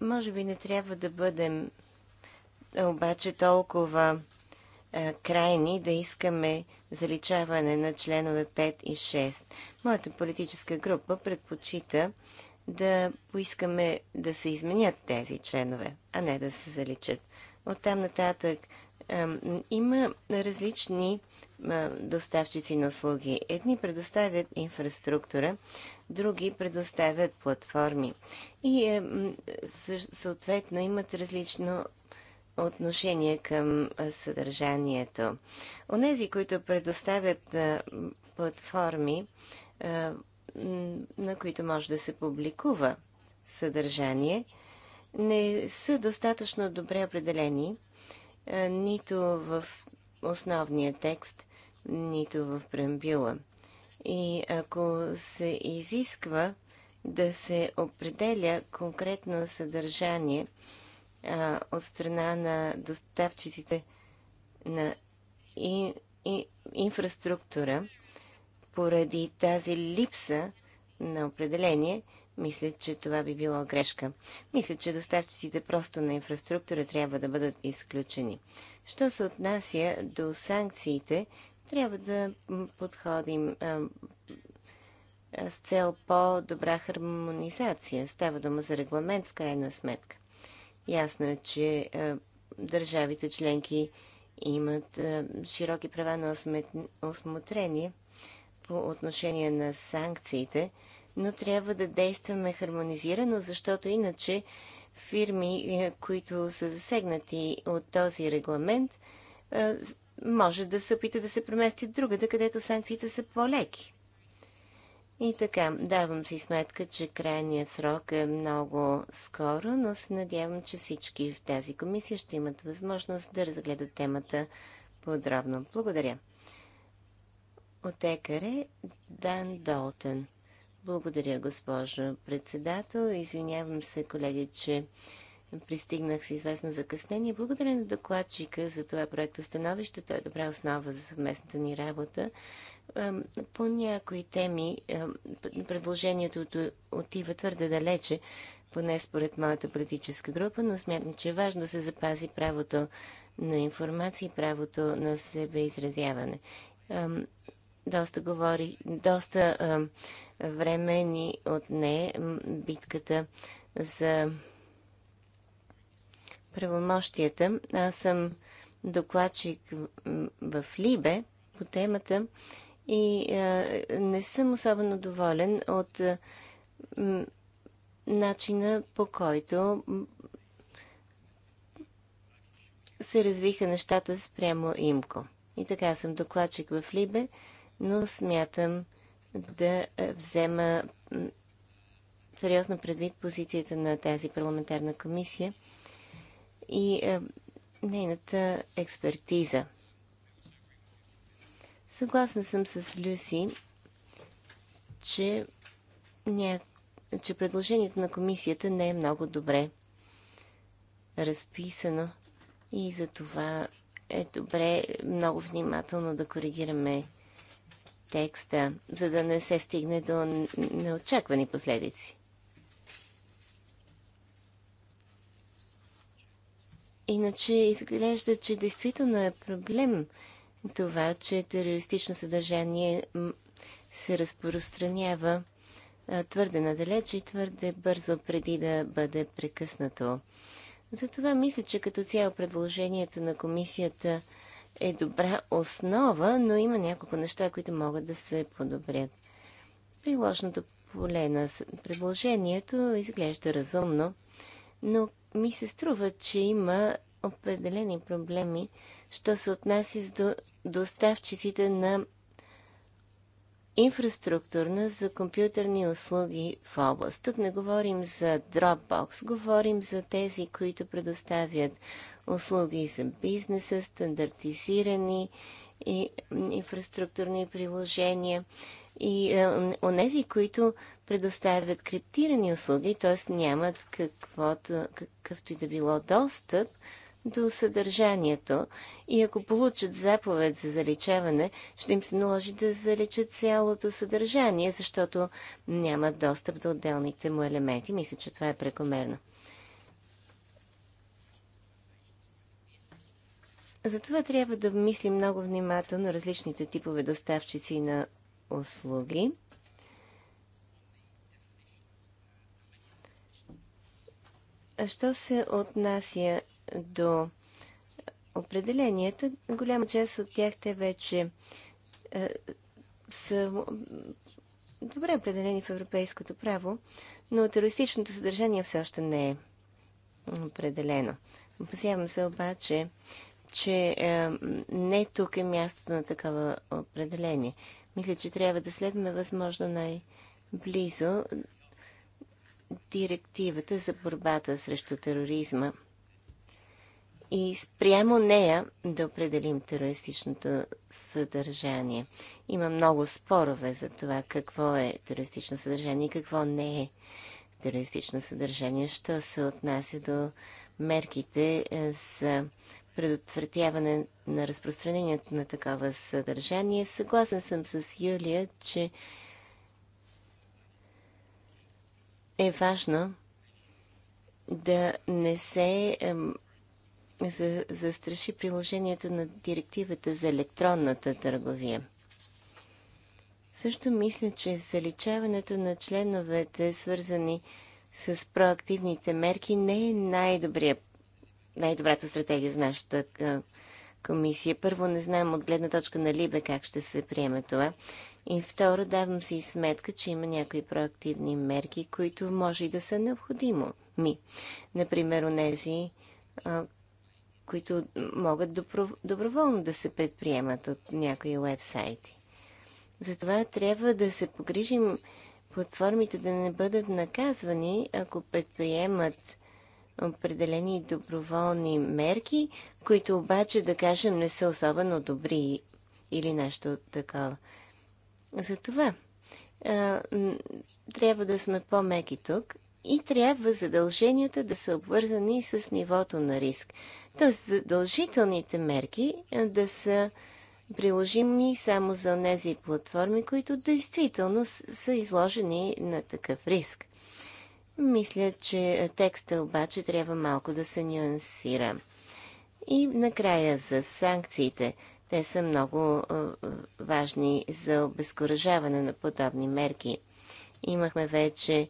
Може би не трябва да бъдем обаче толкова е, крайни да искаме заличаване на членове 5 и 6. Моята политическа група предпочита да поискаме да се изменят тези членове, а не да се заличат. От там нататък има различни доставчици на услуги. Едни предоставят инфраструктура, други предоставят платформи. И съответно имат различно отношение към съдържанието. Онези, които предоставят платформи, на които може да се публикува съдържание, не са достатъчно добре определени нито в основния текст, нито в преамбюла. И ако се изисква да се определя конкретно съдържание, а, от страна на доставчиците на и, и, инфраструктура, поради тази липса на определение, мисля, че това би било грешка. Мисля, че доставчиците просто на инфраструктура трябва да бъдат изключени. Що се отнася до санкциите, трябва да подходим а, с цел по-добра хармонизация. Става дума за регламент в крайна сметка. Ясно е, че е, държавите членки имат е, широки права на осмотрение по отношение на санкциите, но трябва да действаме хармонизирано, защото иначе фирми, е, които са засегнати от този регламент, може да се опитат да се преместят другаде, където санкциите са по-леки. И така, давам си сметка, че крайният срок е много скоро, но се надявам, че всички в тази комисия ще имат възможност да разгледат темата подробно. Благодаря. Отекаре Дан Долтън. Благодаря, госпожо председател. Извинявам се, колеги, че пристигнах с известно закъснение. Благодаря на докладчика за това проекто становище. Той е добра основа за съвместната ни работа. По някои теми предложението отива твърде далече, поне според моята политическа група, но смятам, че е важно да се запази правото на информация и правото на себеизразяване. Доста говори, доста време ни отне битката за правомощията. Аз съм докладчик в Либе по темата и е, не съм особено доволен от е, начина по който се развиха нещата спрямо Имко. И така съм докладчик в Либе, но смятам да е, взема сериозно предвид позицията на тази парламентарна комисия и нейната експертиза. Съгласна съм с Люси, че, ня... че предложението на комисията не е много добре разписано и за това е добре много внимателно да коригираме текста, за да не се стигне до неочаквани последици. Иначе изглежда, че действително е проблем това, че терористично съдържание се разпространява твърде надалеч и твърде бързо преди да бъде прекъснато. Затова мисля, че като цяло предложението на комисията е добра основа, но има няколко неща, които могат да се подобрят. Приложното поле на предложението изглежда разумно, но ми се струва, че има определени проблеми, що се отнася до доставчиците на инфраструктурна за компютърни услуги в област. Тук не говорим за Dropbox, говорим за тези, които предоставят услуги за бизнеса, стандартизирани и инфраструктурни приложения и а, е, онези, които предоставят криптирани услуги, т.е. нямат каквото, какъвто и да било достъп до съдържанието и ако получат заповед за заличаване, ще им се наложи да заличат цялото съдържание, защото няма достъп до отделните му елементи. Мисля, че това е прекомерно. Затова трябва да мислим много внимателно различните типове доставчици на услуги. А що се отнася до определенията, голяма част от тях те вече е, са добре определени в европейското право, но терористичното съдържание все още не е определено. Опасявам се обаче, че е, не тук е мястото на такова определение. Мисля, че трябва да следваме възможно най-близо директивата за борбата срещу тероризма – и спрямо нея да определим терористичното съдържание. Има много спорове за това какво е терористично съдържание и какво не е терористично съдържание, що се отнася до мерките е, за предотвратяване на разпространението на такова съдържание. Съгласен съм с Юлия, че е важно да не се за, застраши приложението на директивата за електронната търговия. Също мисля, че заличаването на членовете, свързани с проактивните мерки, не е най най-добрата стратегия за нашата комисия. Първо, не знам от гледна точка на Либе как ще се приеме това. И второ, давам си сметка, че има някои проактивни мерки, които може и да са необходимо. Ми, например, онези, които могат доброволно да се предприемат от някои уебсайти. Затова трябва да се погрижим платформите да не бъдат наказвани, ако предприемат определени доброволни мерки, които обаче, да кажем, не са особено добри или нещо такова. Затова а, трябва да сме по-меки тук и трябва задълженията да са обвързани с нивото на риск. Тоест задължителните мерки да са приложими само за тези платформи, които действително са изложени на такъв риск. Мисля, че текста обаче трябва малко да се нюансира. И накрая за санкциите. Те са много важни за обезкуражаване на подобни мерки. Имахме вече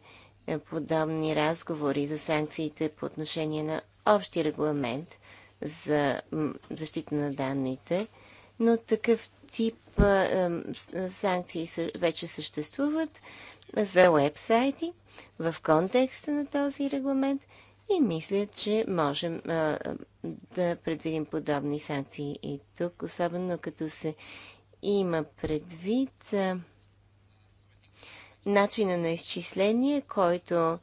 подобни разговори за санкциите по отношение на общи регламент за защита на данните, но такъв тип а, санкции вече съществуват за уебсайти в контекста на този регламент и мисля, че можем а, да предвидим подобни санкции и тук, особено като се има предвид а, начина на изчисление, който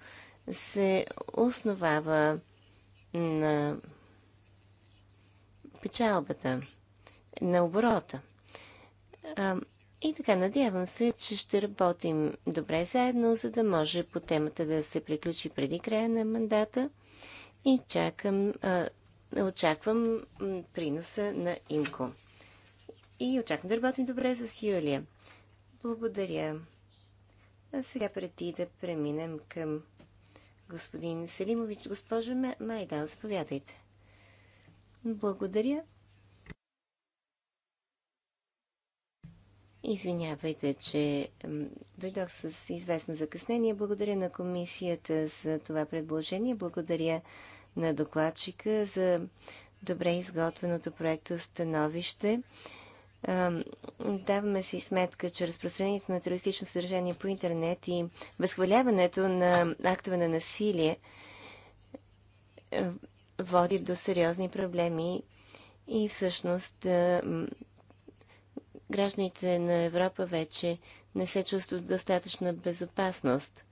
се основава на печалбата, на оборота. и така, надявам се, че ще работим добре заедно, за да може по темата да се приключи преди края на мандата. И чакам, а, очаквам приноса на Имко. И очаквам да работим добре с Юлия. Благодаря. А сега преди да преминем към господин Селимович. Госпожа Майдан, заповядайте. Благодаря. Извинявайте, че дойдох с известно закъснение. Благодаря на комисията за това предложение. Благодаря на докладчика за добре изготвеното проекто становище даваме си сметка, че разпространението на терористично съдържание по интернет и възхваляването на актове на насилие води до сериозни проблеми и всъщност гражданите на Европа вече не се чувстват достатъчна безопасност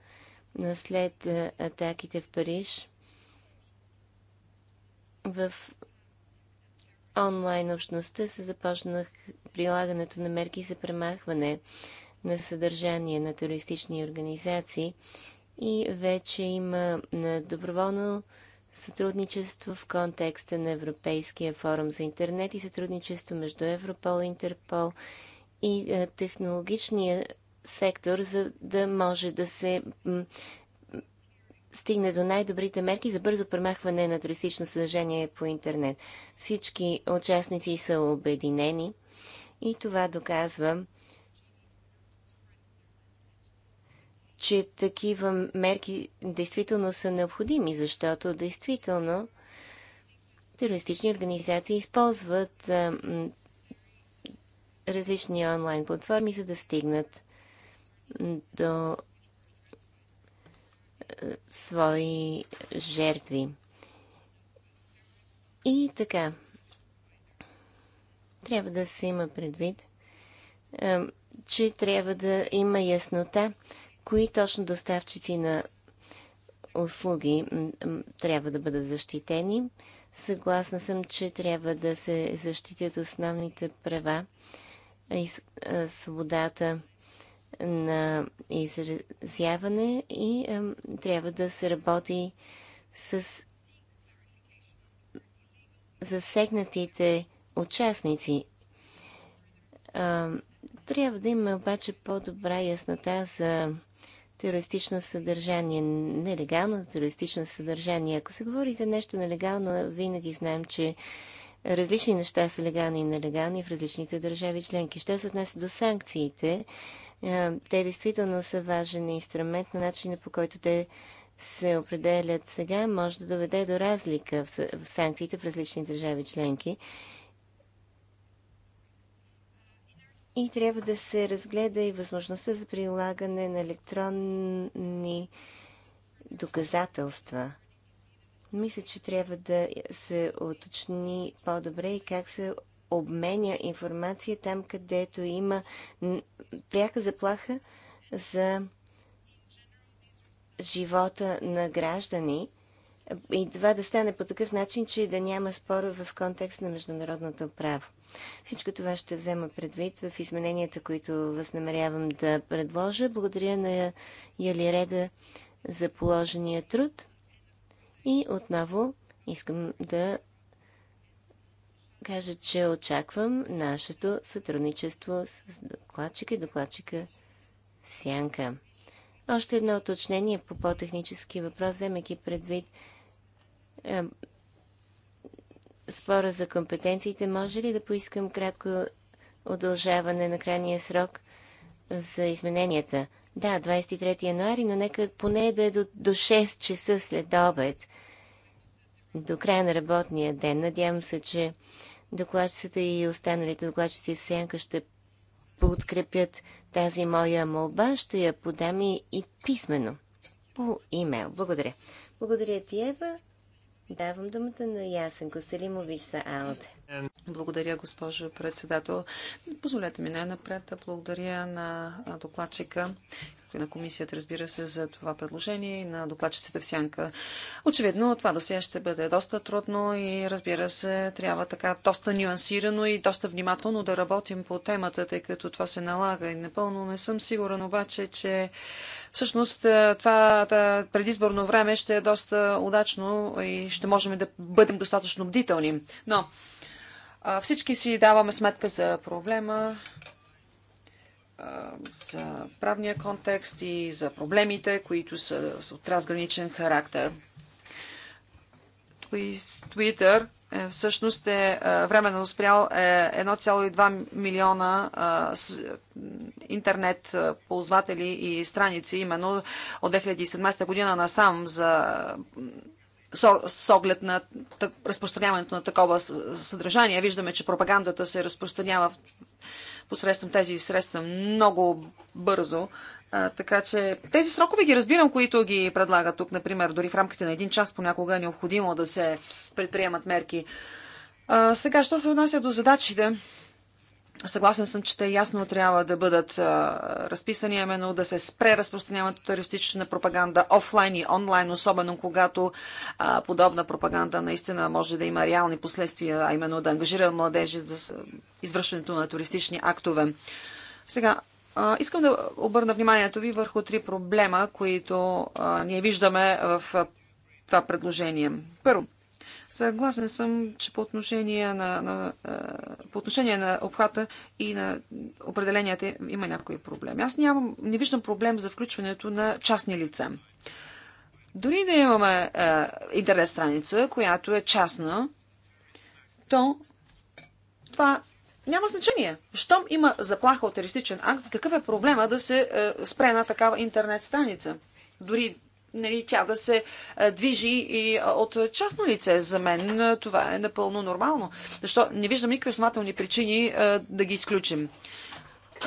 след атаките в Париж. В онлайн общността се започнах прилагането на мерки за премахване на съдържание на терористични организации и вече има на доброволно сътрудничество в контекста на Европейския форум за интернет и сътрудничество между Европол, Интерпол и технологичния сектор, за да може да се стигне до най-добрите мерки за бързо премахване на туристично съдържание по интернет. Всички участници са обединени и това доказва, че такива мерки действително са необходими, защото действително терористични организации използват а, различни онлайн платформи, за да стигнат до свои жертви. И така, трябва да се има предвид, е, че трябва да има яснота, кои точно доставчици на услуги трябва да бъдат защитени. Съгласна съм, че трябва да се защитят основните права и е, свободата на изразяване и е, трябва да се работи с засегнатите участници. Е, трябва да има обаче по-добра яснота за терористично съдържание, нелегално терористично съдържание. Ако се говори за нещо нелегално, винаги знаем, че различни неща са легални и нелегални в различните държави членки. Що се отнася до санкциите, е, те действително са важен инструмент, но начинът по който те се определят сега може да доведе до разлика в санкциите в различни държави членки. И трябва да се разгледа и възможността за прилагане на електронни доказателства. Мисля, че трябва да се оточни по-добре и как се обменя информация там, където има пряка заплаха за живота на граждани и това да стане по такъв начин, че да няма спора в контекст на международното право. Всичко това ще взема предвид в измененията, които възнамерявам да предложа. Благодаря на Ялиреда за положения труд и отново искам да кажа, че очаквам нашето сътрудничество с докладчика и докладчика в Сянка. Още едно уточнение по по-технически въпрос, вземайки предвид е, спора за компетенциите. Може ли да поискам кратко удължаване на крайния срок за измененията? Да, 23 януари, но нека поне да е до, до 6 часа след обед – до края на работния ден. Надявам се, че докладчицата и останалите докладчици в Сянка ще подкрепят тази моя молба. Ще я подам и, и писменно по имейл. Благодаря. Благодаря ти, Ева. Давам думата на Ясен Коселимович за Ауде. Благодаря, госпожо председател. Позволете ми най-напред да благодаря на докладчика, както и на комисията, разбира се, за това предложение и на докладчицата в сянка. Очевидно, това до сега ще бъде доста трудно и, разбира се, трябва така доста нюансирано и доста внимателно да работим по темата, тъй като това се налага и напълно не съм сигурен обаче, че всъщност е, това да, предизборно време ще е доста удачно и ще можем да бъдем достатъчно бдителни. Но, всички си даваме сметка за проблема, за правния контекст и за проблемите, които са с разграничен характер. Twitter е, всъщност е временно спрял 1,2 е, милиона интернет ползватели и страници именно от 2017 година насам за с оглед на разпространяването на такова съдържание. Виждаме, че пропагандата се разпространява посредством тези средства много бързо. А, така че тези срокове ги разбирам, които ги предлагат тук, например, дори в рамките на един час понякога е необходимо да се предприемат мерки. А, сега, що се отнася до задачите, Съгласен съм, че те ясно трябва да бъдат а, разписани, именно да се спре разпространяването терористична пропаганда офлайн и онлайн, особено когато а, подобна пропаганда наистина може да има реални последствия, а именно да ангажира младежи за извършването на туристични актове. Сега, а, искам да обърна вниманието ви върху три проблема, които ние виждаме в това предложение. Първо, Съгласен съм, че по отношение на, на, е, по отношение на обхвата и на определенията има някои проблеми. Аз нямам, не виждам проблем за включването на частни лица. Дори да имаме е, интернет страница, която е частна, то това няма значение. Щом има заплаха от терористичен акт, какъв е проблема да се е, спре на такава интернет страница? Дори нали, тя да се движи и от частно лице. За мен това е напълно нормално. Защо не виждам никакви основателни причини да ги изключим.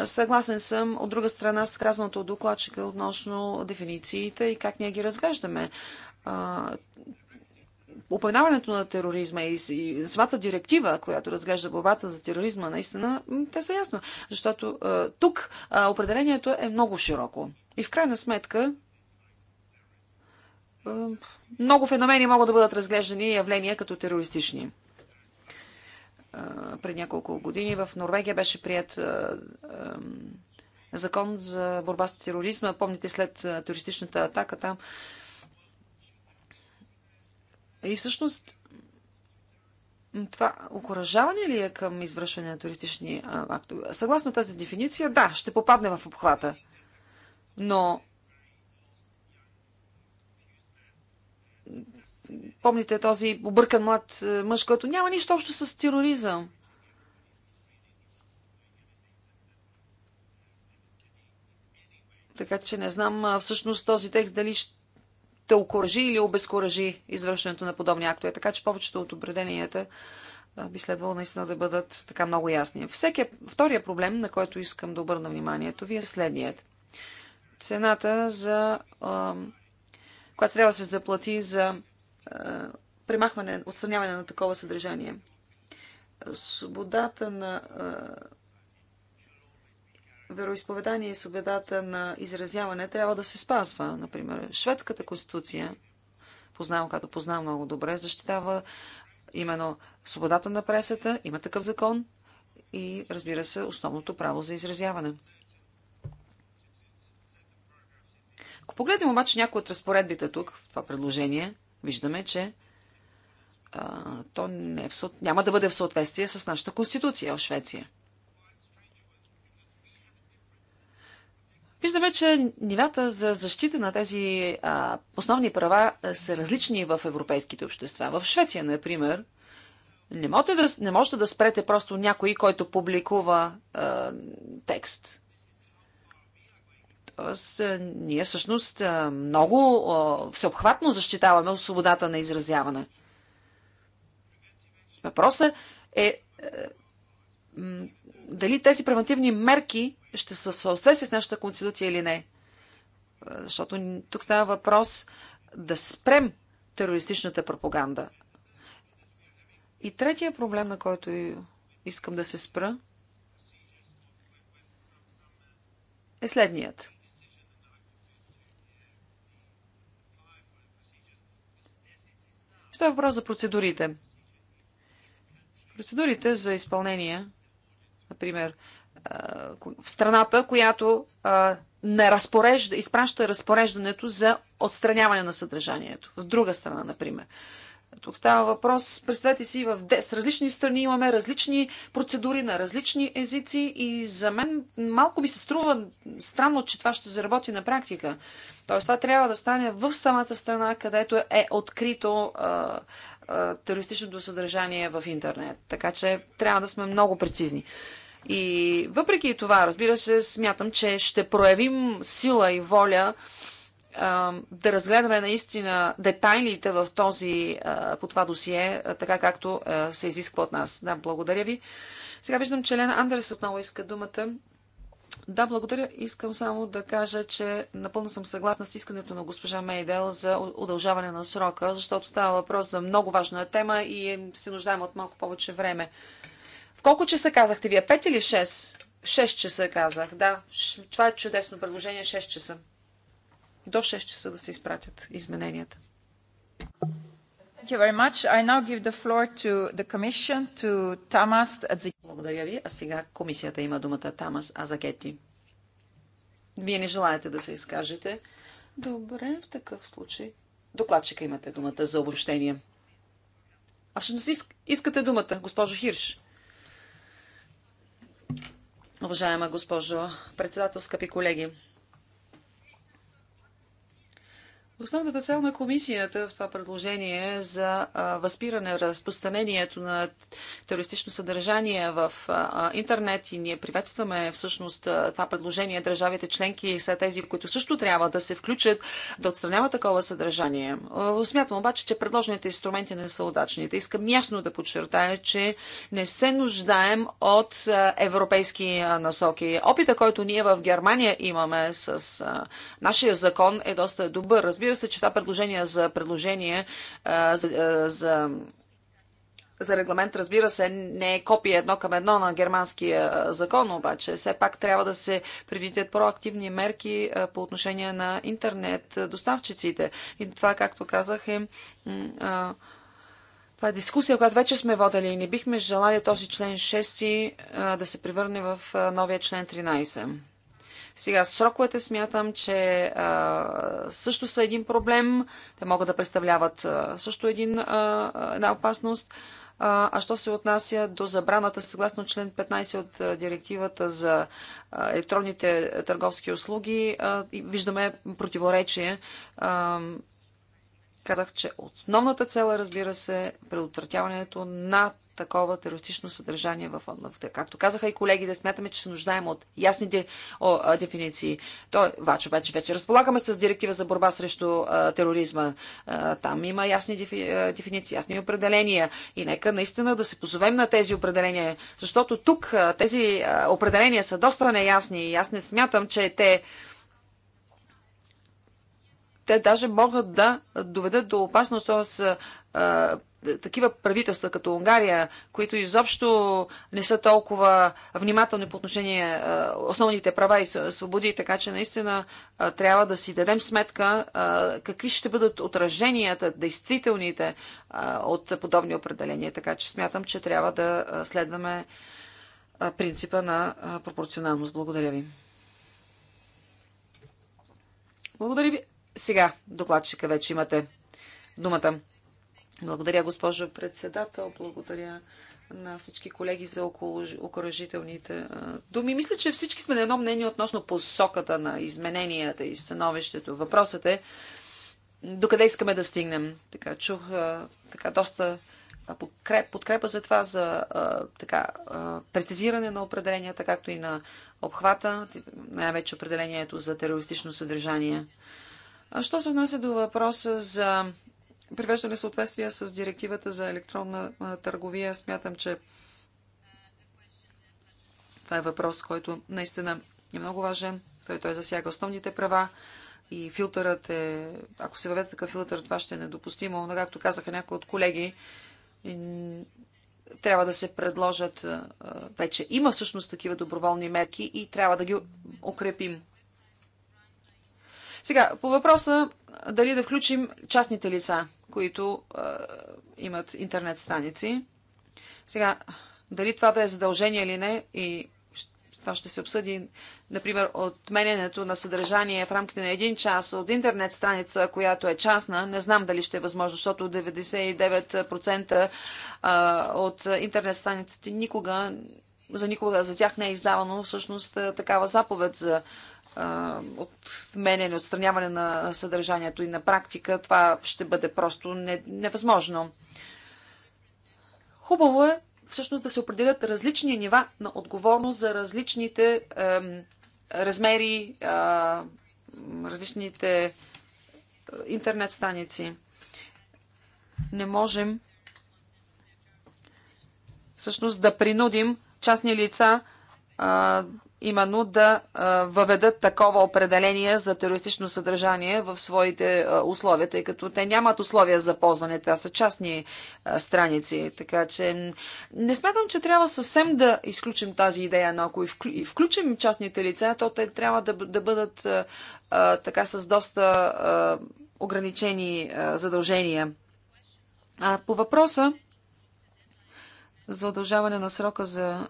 Съгласен съм от друга страна с казаното от докладчика относно дефинициите и как ние ги разглеждаме. Опоменаването на тероризма и самата директива, която разглежда борбата за тероризма, наистина, те са ясно. Защото тук определението е много широко. И в крайна сметка, е, много феномени могат да бъдат разглеждани явления като терористични. Е, пред няколко години в Норвегия беше прият е, закон за борба с тероризма. Помните след терористичната атака там. И всъщност това окоръжаване ли е към извършване на туристични актове? Съгласно тази дефиниция, да, ще попадне в обхвата. Но Помните този объркан млад е, мъж, който няма нищо общо с тероризъм. Така че не знам всъщност този текст дали ще окоръжи или обезкоръжи извършването на подобни актове. Така че повечето от обреденията би следвало наистина да бъдат така много ясни. Всеки, е, втория проблем, на който искам да обърна вниманието ви е следният. Цената, за, която трябва да се заплати за е, премахване, отстраняване на такова съдържание. Свободата на е, вероисповедание и свободата на изразяване трябва да се спазва. Например, шведската конституция, познавам като познавам много добре, защитава именно свободата на пресата, има такъв закон и разбира се основното право за изразяване. Ако погледнем обаче някои от разпоредбите тук, в това предложение, виждаме, че а, то не е в, няма да бъде в съответствие с нашата конституция в Швеция. Виждаме, че нивата за защита на тези а, основни права са различни в европейските общества. В Швеция, например, не можете да, не можете да спрете просто някой, който публикува а, текст. Тоест, е, ние всъщност е, много е, всеобхватно защитаваме свободата на изразяване. Въпросът е дали тези превентивни мерки ще са в съответствие с нашата конституция или не. Защото тук става въпрос да спрем терористичната пропаганда. И третия проблем, на който искам да се спра, е следният. Ще е въпрос за процедурите. Процедурите за изпълнение, например, в страната, която не разпорежда, изпраща разпореждането за отстраняване на съдържанието. В друга страна, например. Тук става въпрос, представете си, в с различни страни имаме различни процедури на различни езици и за мен малко ми се струва странно, че това ще заработи на практика. Тоест това трябва да стане в самата страна, където е открито а, а, терористичното съдържание в интернет. Така че трябва да сме много прецизни. И въпреки това, разбира се, смятам, че ще проявим сила и воля да разгледаме наистина детайлите в този, по това досие, така както се изисква от нас. Да, благодаря ви. Сега виждам, че Лена Андерс отново иска думата. Да, благодаря. Искам само да кажа, че напълно съм съгласна с искането на госпожа Мейдел за удължаване на срока, защото става въпрос за много важна тема и е, се нуждаем от малко повече време. В колко часа казахте вие? 5 или 6? 6 часа казах, да. Това е чудесно предложение, 6 часа до 6 часа да се изпратят измененията. Благодаря ви. А сега комисията има думата Тамас Азакети. Вие не желаете да се изкажете. Добре, в такъв случай. Докладчика имате думата за обобщение. А всъщност иск, искате думата, госпожо Хирш. Уважаема госпожо председател, скъпи колеги, Основната цел на комисията в това предложение е за възпиране разпространението на терористично съдържание в интернет и ние приветстваме всъщност това предложение. Държавите членки са тези, които също трябва да се включат да отстраняват такова съдържание. Смятам обаче, че предложените инструменти не са удачните. Искам ясно да подчертая, че не се нуждаем от европейски насоки. Опита, който ние в Германия имаме с нашия закон е доста добър. Разбира Разбира се, че това предложение за предложение за, за за регламент, разбира се, не е копия едно към едно на германския закон, обаче все пак трябва да се предвидят проактивни мерки по отношение на интернет доставчиците. И това, както казах, е. Това е дискусия, която вече сме водили и не бихме желали този член 6 да се превърне в новия член 13. Сега, сроковете смятам, че а, също са един проблем. Те могат да представляват а, също един, а, една опасност. А, а що се отнася до забраната съгласно член 15 от а, директивата за а, електронните търговски услуги, а, виждаме противоречие. А, казах, че основната цел е, разбира се, предотвратяването на такова терористично съдържание в онлайн. Както казаха и колеги, да смятаме, че се нуждаем от ясни де, о, а, дефиниции. Той, обаче, вече, вече разполагаме с директива за борба срещу а, тероризма. А, там има ясни дефи, а, дефиниции, ясни определения. И нека наистина да се позовем на тези определения, защото тук а, тези а, определения са доста неясни и аз не смятам, че те те даже могат да доведат до опасност, т.е такива правителства като Унгария, които изобщо не са толкова внимателни по отношение основните права и свободи, така че наистина трябва да си дадем сметка какви ще бъдат отраженията, действителните от подобни определения. Така че смятам, че трябва да следваме принципа на пропорционалност. Благодаря ви. Благодаря ви. Сега докладчика вече имате думата. Благодаря, госпожо председател. Благодаря на всички колеги за окоръжителните думи. Мисля, че всички сме на едно мнение относно посоката на измененията и становището. Въпросът е докъде искаме да стигнем. Така, чух така, доста подкреп, подкрепа за това, за така, прецизиране на определенията, както и на обхвата, най-вече определението за терористично съдържание. А що се отнася до въпроса за привеждане в съответствие с директивата за електронна търговия. Смятам, че това е въпрос, който наистина е много важен. Той, той засяга основните права и филтърът е... Ако се въведе такъв филтър, това ще е недопустимо. Но, както казаха някои от колеги, трябва да се предложат вече. Има всъщност такива доброволни мерки и трябва да ги укрепим. Сега, по въпроса дали да включим частните лица, които е, имат интернет станици. Сега, дали това да е задължение или не, и това ще се обсъди, например, отменянето на съдържание в рамките на един час от интернет страница, която е частна. Не знам дали ще е възможно, защото 99% от интернет страниците никога, за никога за тях не е издавано всъщност такава заповед за менене, отстраняване на съдържанието и на практика, това ще бъде просто невъзможно. Хубаво е всъщност да се определят различни нива на отговорност за различните е, размери, е, различните интернет станици. Не можем всъщност да принудим частни лица а, именно да въведат такова определение за терористично съдържание в своите условия, тъй като те нямат условия за ползване, това са частни страници. Така че не смятам, че трябва съвсем да изключим тази идея, но ако и включим частните лица, то те трябва да, да бъдат така с доста ограничени задължения. А по въпроса за удължаване на срока за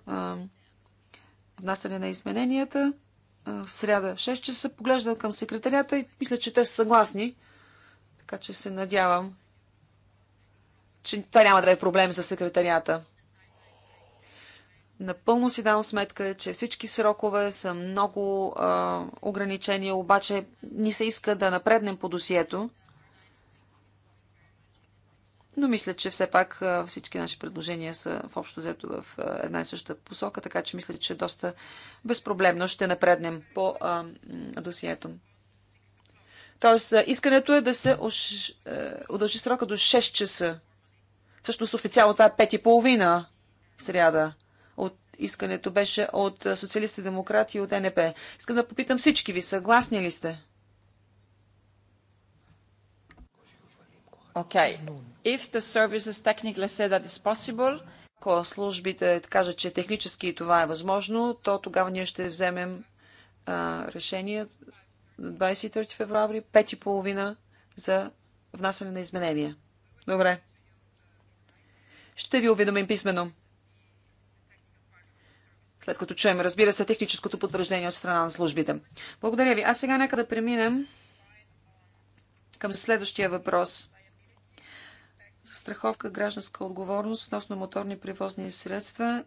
внасяне на измененията. В сряда 6 часа поглеждам към секретарията и мисля, че те са съгласни. Така че се надявам, че това няма да е проблем за секретарията. Напълно си давам сметка, че всички срокове са много а, ограничени, обаче ни се иска да напреднем по досието. Но мисля, че все пак всички наши предложения са в общо взето в една и съща посока, така че мисля, че доста безпроблемно ще напреднем по а, досието. Тоест, искането е да се удължи срока до 6 часа. Всъщност официално това е 5 и половина сряда. От искането беше от социалисти, демократи и от НП. Искам да попитам всички ви, съгласни ли сте? Okay. If the services technically say that is possible, ако службите кажат, че технически това е възможно, то тогава ние ще вземем а, решение 23 февруари, 5 и половина за внасяне на изменения. Добре. Ще ви уведомим писменно. След като чуем, разбира се, техническото потвърждение от страна на службите. Благодаря ви. А сега нека да преминем към следващия въпрос – страховка гражданска отговорност относно моторни превозни средства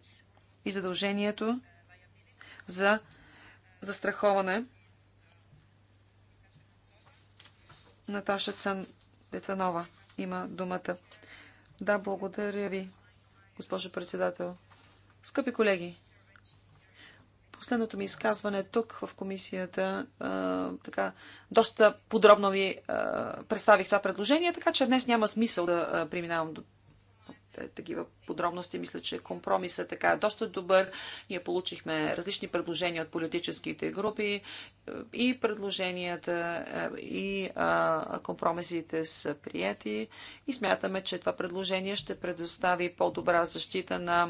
и задължението за застраховане. Наташа Цан... Цанова има думата. Да, благодаря ви, госпожо председател. Скъпи колеги, Последното ми изказване тук в комисията, а, така, доста подробно ви а, представих това предложение, така че днес няма смисъл да а, преминавам до е, такива подробности. Мисля, че компромисът е така доста добър. Ние получихме различни предложения от политическите групи е, и предложенията е, и компромисите са прияти и смятаме, че това предложение ще предостави по-добра защита на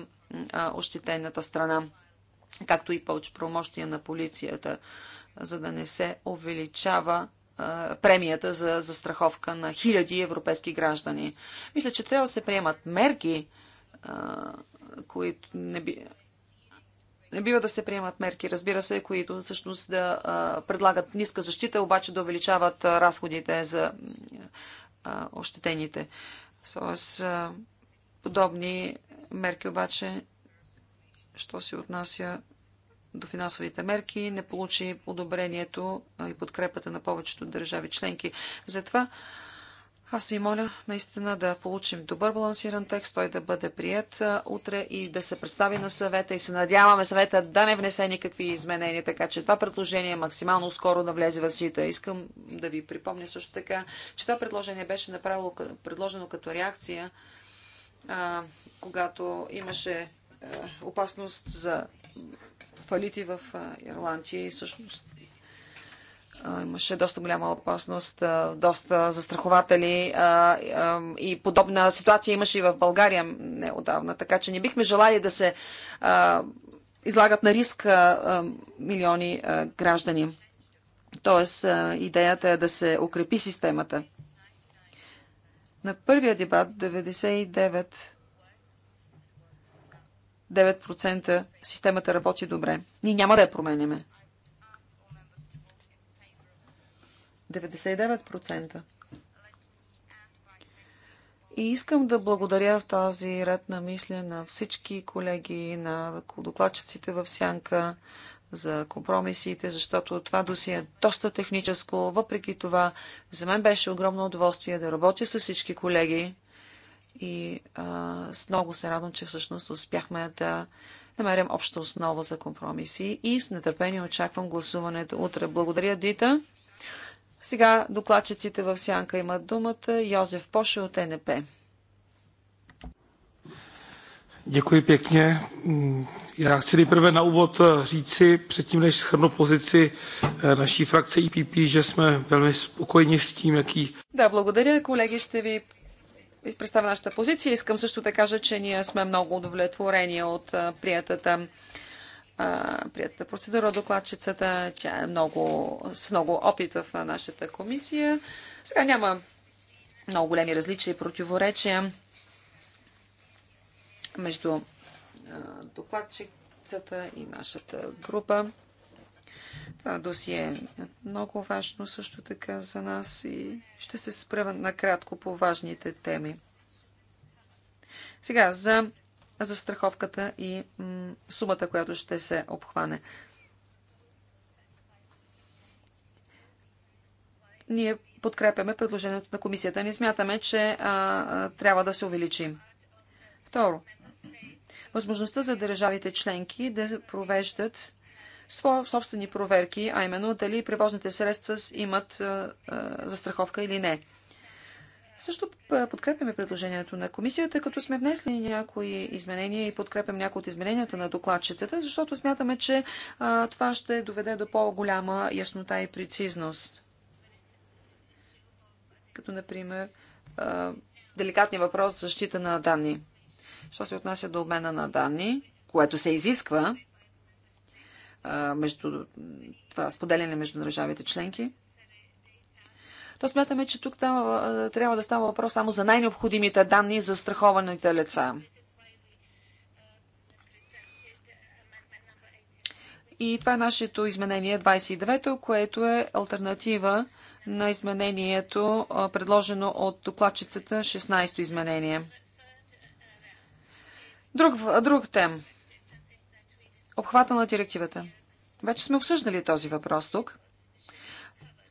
ощетената страна както и повече промощия на полицията, за да не се увеличава премията за застраховка на хиляди европейски граждани. Мисля, че трябва да се приемат мерки, които не би... Не бива да се приемат мерки, разбира се, които всъщност да а, предлагат ниска защита, обаче да увеличават а, разходите за а, ощетените. Тоест, подобни мерки обаче що се отнася до финансовите мерки, не получи одобрението и подкрепата на повечето държави членки. Затова аз ви моля наистина да получим добър балансиран текст, той да бъде прият утре и да се представи на съвета и се надяваме съвета да не внесе никакви изменения, така че това предложение е максимално скоро да влезе в сита. Искам да ви припомня също така, че това предложение беше направило, предложено като реакция, а, когато имаше е, опасност за фалити в е, Ирландия и всъщност е, имаше доста голяма опасност, доста застрахователи и подобна ситуация имаше и в България неодавна, така че не бихме желали да се излагат на риск милиони граждани. Тоест, идеята е да се укрепи системата. На първия дебат 99 9% системата работи добре. Ние няма да я променяме. 99%. И искам да благодаря в тази ред на мисля на всички колеги, на докладчиците в Сянка, за компромисите, защото това доси е доста техническо. Въпреки това, за мен беше огромно удоволствие да работя с всички колеги и а, с много се радвам, че всъщност успяхме да намерим обща основа за компромиси и с нетърпение очаквам гласуването утре. Благодаря, Дита. Сега докладчиците в Сянка имат думата. Йозеф Поше от НП. Děkuji pěkně. Já chci nejprve na úvod eh, říci, předtím než shrnu pozici eh, naší frakce IPP, že jsme velmi spokojeni s tím, jaký... Да, благодаря, колеги. Ще ви представя нашата позиция. Искам също да кажа, че ние сме много удовлетворени от приятата приятата процедура докладчицата. Тя е много, с много опит в нашата комисия. Сега няма много големи различия и противоречия между докладчицата и нашата група това досие. е Много важно също така за нас и ще се спрева накратко по важните теми. Сега за застраховката и сумата, която ще се обхване. Ние подкрепяме предложението на комисията. Не смятаме, че а, а, трябва да се увеличи. Второ, възможността за държавите членки да провеждат свои собствени проверки, а именно дали превозните средства имат застраховка или не. Също подкрепяме предложението на комисията, като сме внесли някои изменения и подкрепям някои от измененията на докладчицата, защото смятаме, че това ще доведе до по-голяма яснота и прецизност. Като, например, деликатния въпрос за защита на данни. Що се отнася до обмена на данни, което се изисква, между това споделяне между държавите членки, то смятаме, че тук там, трябва да става въпрос само за най-необходимите данни за страхованите лица. И това е нашето изменение 29-то, което е альтернатива на изменението, предложено от докладчицата 16-то изменение. Друг, друг тем. Обхвата на директивата. Вече сме обсъждали този въпрос тук.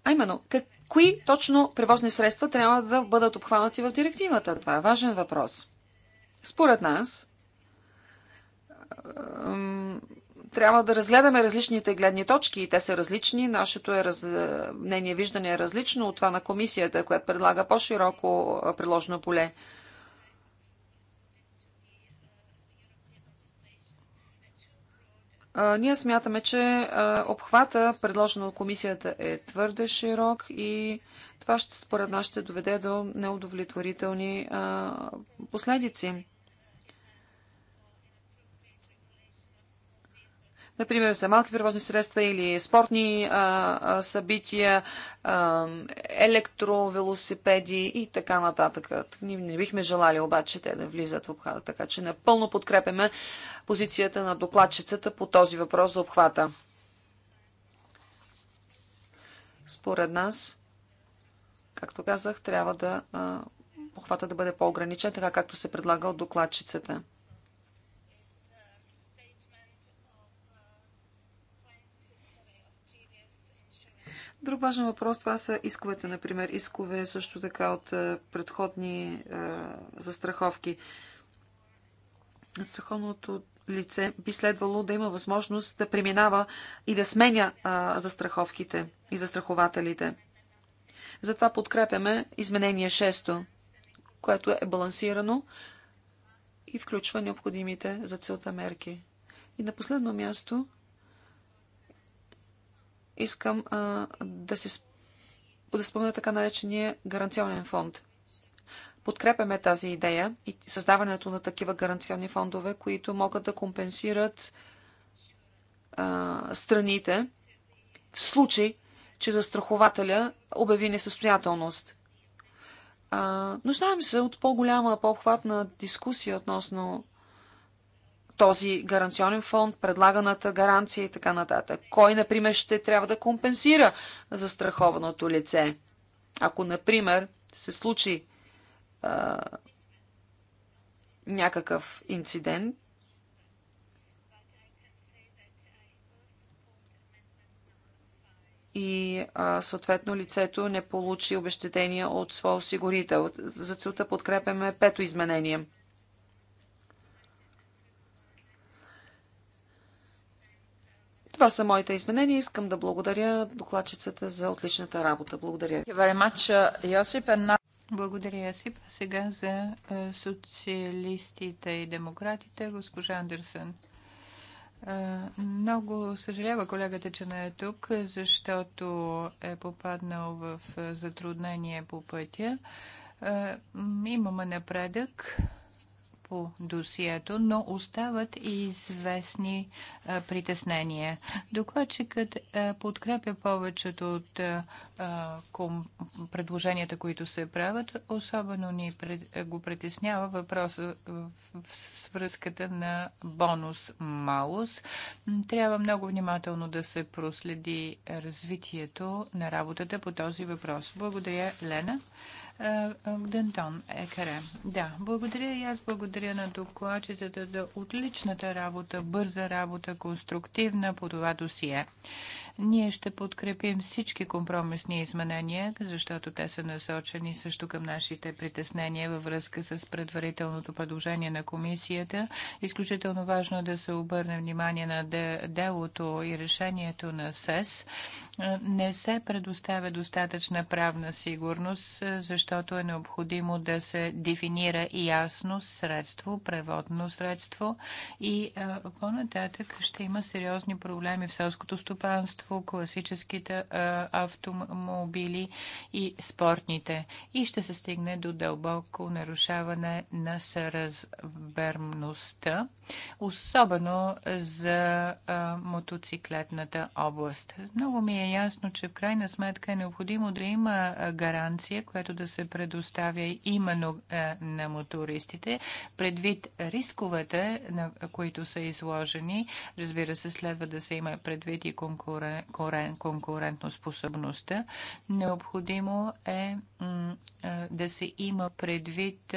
А именно, как, кои точно превозни средства трябва да бъдат обхванати в директивата? Това е важен въпрос. Според нас, трябва да разгледаме различните гледни точки и те са различни. Нашето е раз... мнение, виждане е различно от това на комисията, която предлага по-широко приложено поле. Ние смятаме, че обхвата, предложен от комисията, е твърде широк и това ще, според нас ще доведе до неудовлетворителни последици. например, за малки превозни средства или спортни а, а, събития, а, електровелосипеди и така нататък. Ни, не бихме желали обаче те да влизат в обхвата, така че напълно подкрепяме позицията на докладчицата по този въпрос за обхвата. Според нас, както казах, трябва да а, обхвата да бъде по-ограничен, така както се предлага от докладчицата. Друг важен въпрос това са исковете, например. Искове също така от е, предходни е, застраховки. Страховното лице би следвало да има възможност да преминава и да сменя застраховките и застрахователите. Затова подкрепяме изменение 6, което е балансирано и включва необходимите за целта мерки. И на последно място искам а, да се да спомня така наречения гаранционен фонд. Подкрепяме тази идея и създаването на такива гаранционни фондове, които могат да компенсират а, страните в случай, че застрахователя обяви несъстоятелност. А, нуждаем се от по-голяма, по-обхватна дискусия относно този гаранционен фонд, предлаганата гаранция и така нататък. Кой, например, ще трябва да компенсира застрахованото лице? Ако, например, се случи а, някакъв инцидент, и а, съответно лицето не получи обещетения от своя осигурител. За целта подкрепяме пето изменение. Това са моите изменения. Искам да благодаря докладчицата за отличната работа. Благодаря. Uh, благодаря, Йосип. Сега за е, социалистите и демократите, госпожа Андерсън. Е, много съжалява колегата, че не е тук, защото е попаднал в е, затруднение по пътя. Имаме напредък по досието, но остават и известни а, притеснения. Докладчикът а, подкрепя повечето от а, ком, предложенията, които се правят. Особено ни пред, го притеснява въпроса в, в, с връзката на бонус-малус. Трябва много внимателно да се проследи развитието на работата по този въпрос. Благодаря, Лена. Е, е, Дентон Екаре. Да, благодаря и аз благодаря на докладчицата за отличната работа, бърза работа, конструктивна по това досие. Ние ще подкрепим всички компромисни изменения, защото те са насочени също към нашите притеснения във връзка с предварителното предложение на комисията. Изключително важно е да се обърне внимание на делото и решението на СЕС. Не се предоставя достатъчна правна сигурност, защото е необходимо да се дефинира ясно средство, преводно средство и по-нататък ще има сериозни проблеми в селското стопанство производство, класическите а, е, автомобили и спортните. И ще се стигне до дълбоко нарушаване на съразберността, особено за а, е, мотоциклетната област. Много ми е ясно, че в крайна сметка е необходимо да има гаранция, която да се предоставя именно а, е, на мотористите, предвид рисковете, на които са изложени. Разбира се, следва да се има предвид и конкурен конкурентоспособността, необходимо е да се има предвид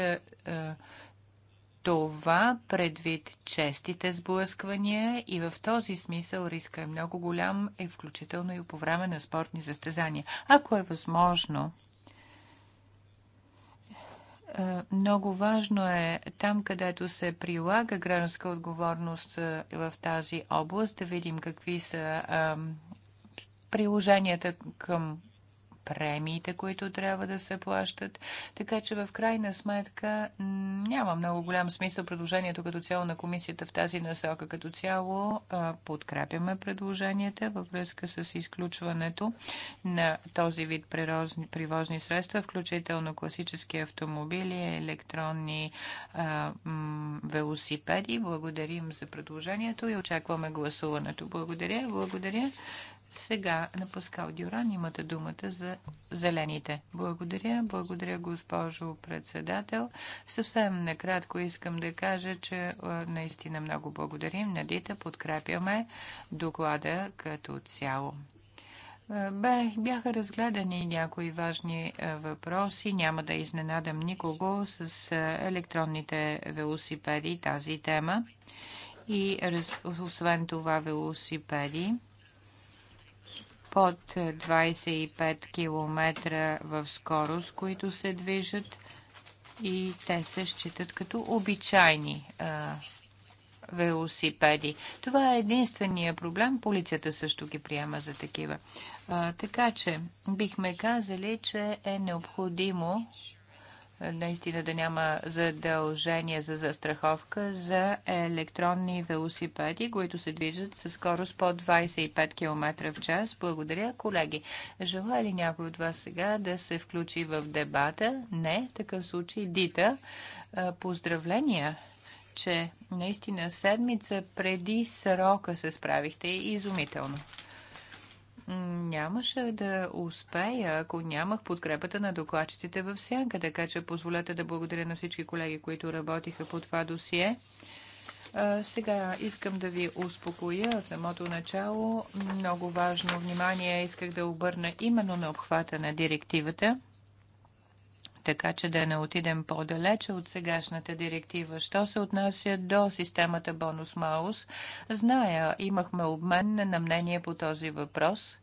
това предвид честите сблъсквания и в този смисъл риска е много голям, е включително и по време на спортни състезания. Ако е възможно, много важно е там, където се прилага гражданска отговорност в тази област, да видим какви са приложенията към премиите, които трябва да се плащат. Така че в крайна сметка няма много голям смисъл предложението като цяло на комисията в тази насока. Като цяло подкрепяме предложенията във връзка с изключването на този вид привозни средства, включително класически автомобили, електронни велосипеди. Благодарим за предложението и очакваме гласуването. Благодаря, благодаря. Сега на Паскал Дюран имате думата за зелените. Благодаря, благодаря госпожо председател. Съвсем накратко искам да кажа, че наистина много благодарим Надите, подкрепяме доклада като цяло. Бяха разгледани някои важни въпроси. Няма да изненадам никого с електронните велосипеди тази тема. И освен това велосипеди под 25 км в скорост, които се движат и те се считат като обичайни а, велосипеди. Това е единствения проблем. Полицията също ги приема за такива. А, така че бихме казали, че е необходимо наистина да няма задължение за застраховка за електронни велосипеди, които се движат със скорост по 25 км в час. Благодаря, колеги. Желая ли някой от вас сега да се включи в дебата? Не, такъв случай Дита. Поздравления! че наистина седмица преди срока се справихте изумително нямаше да успея, ако нямах подкрепата на докладчиците в сянка. Така че позволете да благодаря на всички колеги, които работиха по това досие. Сега искам да ви успокоя в самото начало. Много важно внимание исках да обърна именно на обхвата на директивата така че да не отидем по-далече от сегашната директива. Що се отнася до системата бонус-маус, зная, имахме обмен на мнение по този въпрос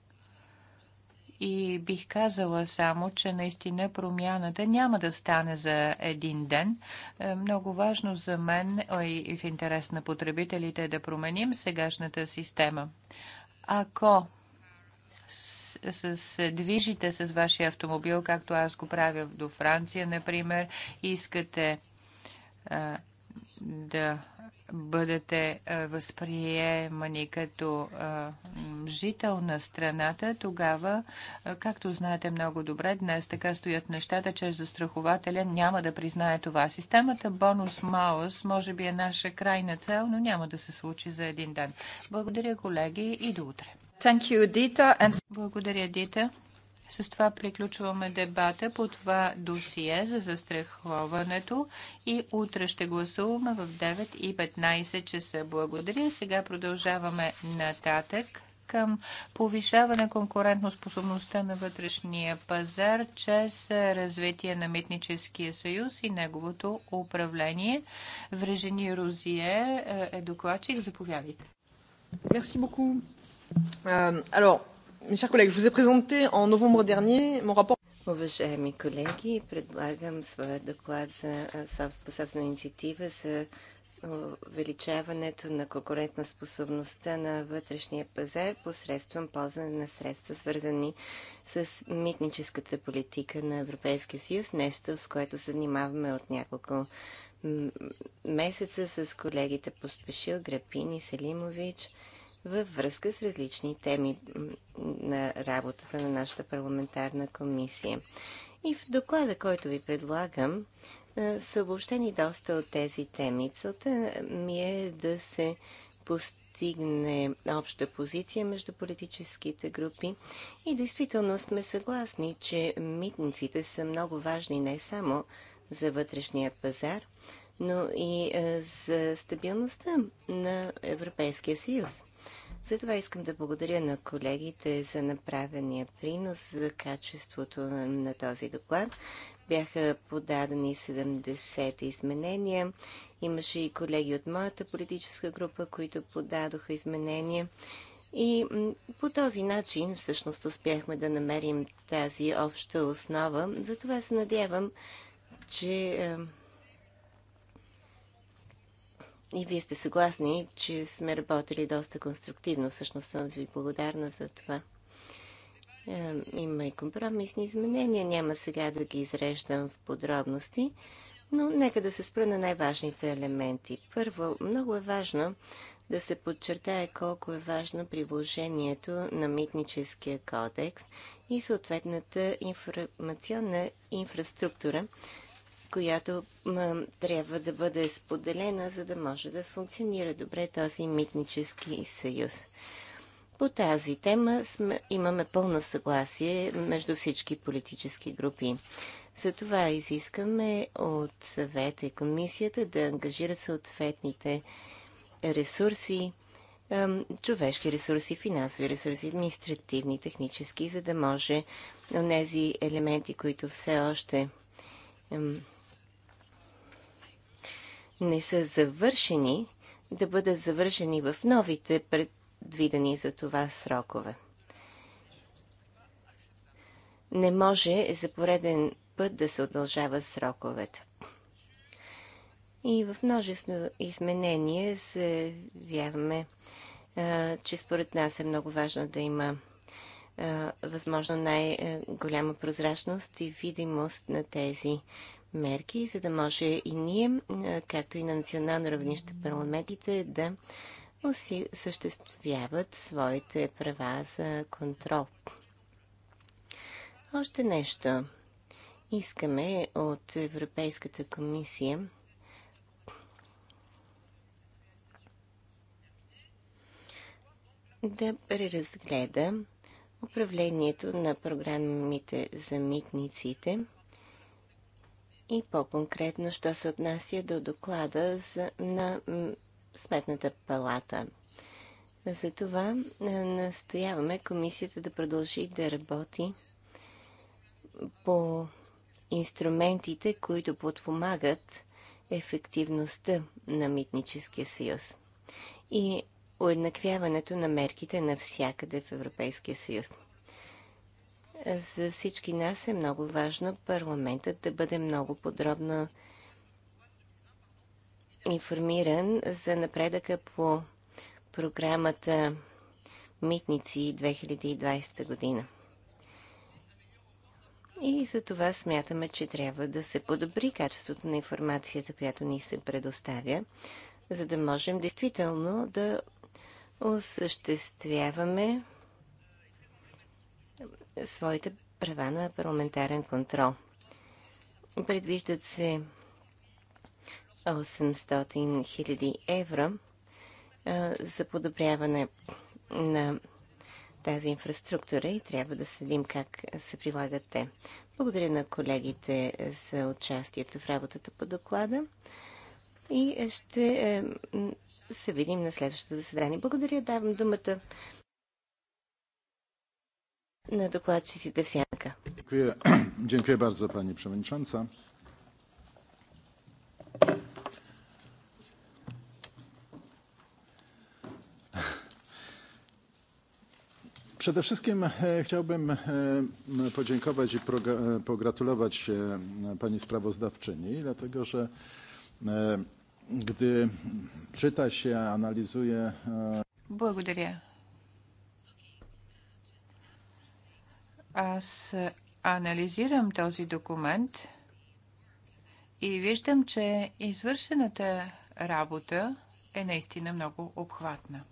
и бих казала само, че наистина промяната няма да стане за един ден. Е, много важно за мен и в интерес на потребителите е да променим сегашната система. Ако се движите с вашия автомобил, както аз го правя до Франция, например, искате а, да бъдете възприемани като жител на страната, тогава, както знаете много добре, днес така стоят нещата, че застрахователя няма да признае това. Системата бонус-маус може би е наша крайна цел, но няма да се случи за един ден. Благодаря, колеги, и до утре. Thank you, Dita. And... Благодаря, Дита. С това приключваме дебата по това досие за застраховането и утре ще гласуваме в 9 и 15 часа. Благодаря. Сега продължаваме нататък към повишаване конкурентоспособността на вътрешния пазар чрез развитие на Митническия съюз и неговото управление. Врежени Розие е, е докладчик. Заповядайте. Merci beaucoup. Euh, alors, mes chers collègues, je vous ai présenté en novembre dernier mon rapport. Уважаеми колеги, предлагам своя доклад за съвспособна инициатива за увеличаването на конкурентоспособността на вътрешния пазар посредством ползване на средства, свързани с митническата политика на Европейския съюз, нещо с което се занимаваме от няколко месеца с колегите Поспешил, Грапини, Селимович. Селимович във връзка с различни теми на работата на нашата парламентарна комисия. И в доклада, който ви предлагам, са обобщени доста от тези теми. Целта ми е да се постигне обща позиция между политическите групи и действително сме съгласни, че митниците са много важни не само за вътрешния пазар, но и за стабилността на Европейския съюз. Затова искам да благодаря на колегите за направения принос за качеството на, този доклад. Бяха подадени 70 изменения. Имаше и колеги от моята политическа група, които подадоха изменения. И по този начин всъщност успяхме да намерим тази обща основа. Затова се надявам, че и вие сте съгласни, че сме работили доста конструктивно. Всъщност съм ви благодарна за това. Има и компромисни изменения. Няма сега да ги изреждам в подробности, но нека да се спра на най-важните елементи. Първо, много е важно да се подчертае колко е важно приложението на митническия кодекс и съответната информационна инфраструктура, която а, трябва да бъде споделена, за да може да функционира добре този митнически съюз. По тази тема сме, имаме пълно съгласие между всички политически групи. Затова изискаме от съвета и комисията да ангажират съответните ресурси, човешки ресурси, финансови ресурси, административни, технически, за да може тези елементи, които все още не са завършени, да бъдат завършени в новите предвидени за това срокове. Не може за пореден път да се удължава сроковете. И в множество изменения заявяваме, че според нас е много важно да има възможно най-голяма прозрачност и видимост на тези мерки, за да може и ние, както и на национално равнище парламентите, да осъществяват своите права за контрол. Още нещо. Искаме от Европейската комисия да преразгледа управлението на програмите за митниците – и по-конкретно, що се отнася до доклада за, на Сметната палата. Затова е, настояваме комисията да продължи да работи по инструментите, които подпомагат ефективността на митническия съюз и уеднаквяването на мерките навсякъде в Европейския съюз за всички нас е много важно парламентът да бъде много подробно информиран за напредъка по програмата Митници 2020 година. И за това смятаме, че трябва да се подобри качеството на информацията, която ни се предоставя, за да можем действително да осъществяваме своите права на парламентарен контрол. Предвиждат се 800 000 евро за подобряване на тази инфраструктура и трябва да следим как се прилагат те. Благодаря на колегите за участието в работата по доклада и ще е, се видим на следващото заседание. Благодаря, давам думата на докладчиците в сянка. Dziękuję bardzo, pani przewodnicząca. Przede wszystkim chciałbym podziękować i pogratulować pani sprawozdawczyni, dlatego że gdy czyta się, analizuje. Благодаря, Аз анализирам този документ и виждам, че извършената работа е наистина много обхватна.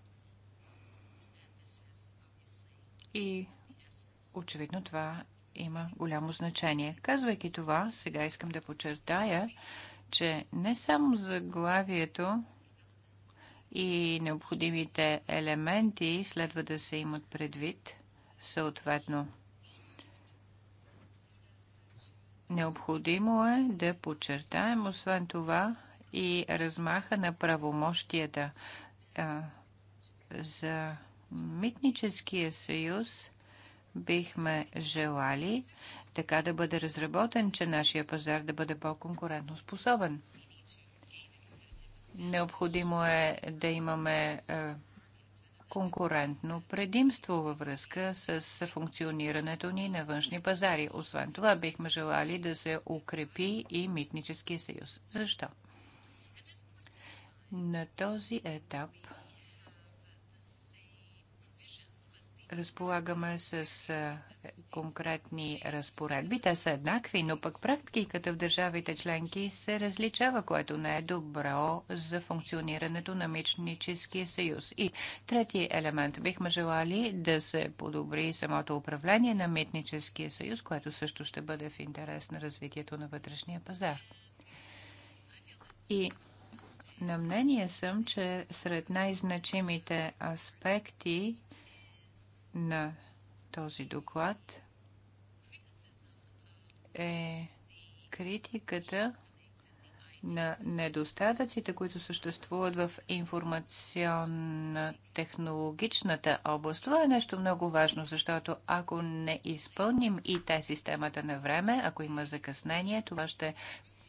И очевидно това има голямо значение. Казвайки това, сега искам да подчертая, че не само заглавието и необходимите елементи следва да се имат предвид, съответно Необходимо е да подчертаем, освен това, и размаха на правомощията а, за Митническия съюз бихме желали така да бъде разработен, че нашия пазар да бъде по-конкурентно способен. Необходимо е да имаме конкурентно предимство във връзка с функционирането ни на външни пазари. Освен това, бихме желали да се укрепи и митническия съюз. Защо? На този етап – разполагаме с конкретни разпоредби. Те са еднакви, но пък практиката в държавите членки се различава, което не е добро за функционирането на Мичническия съюз. И трети елемент. Бихме желали да се подобри самото управление на митническия съюз, което също ще бъде в интерес на развитието на вътрешния пазар. И на мнение съм, че сред най-значимите аспекти на този доклад е критиката на недостатъците, които съществуват в информационно-технологичната област. Това е нещо много важно, защото ако не изпълним и те системата на време, ако има закъснение, това ще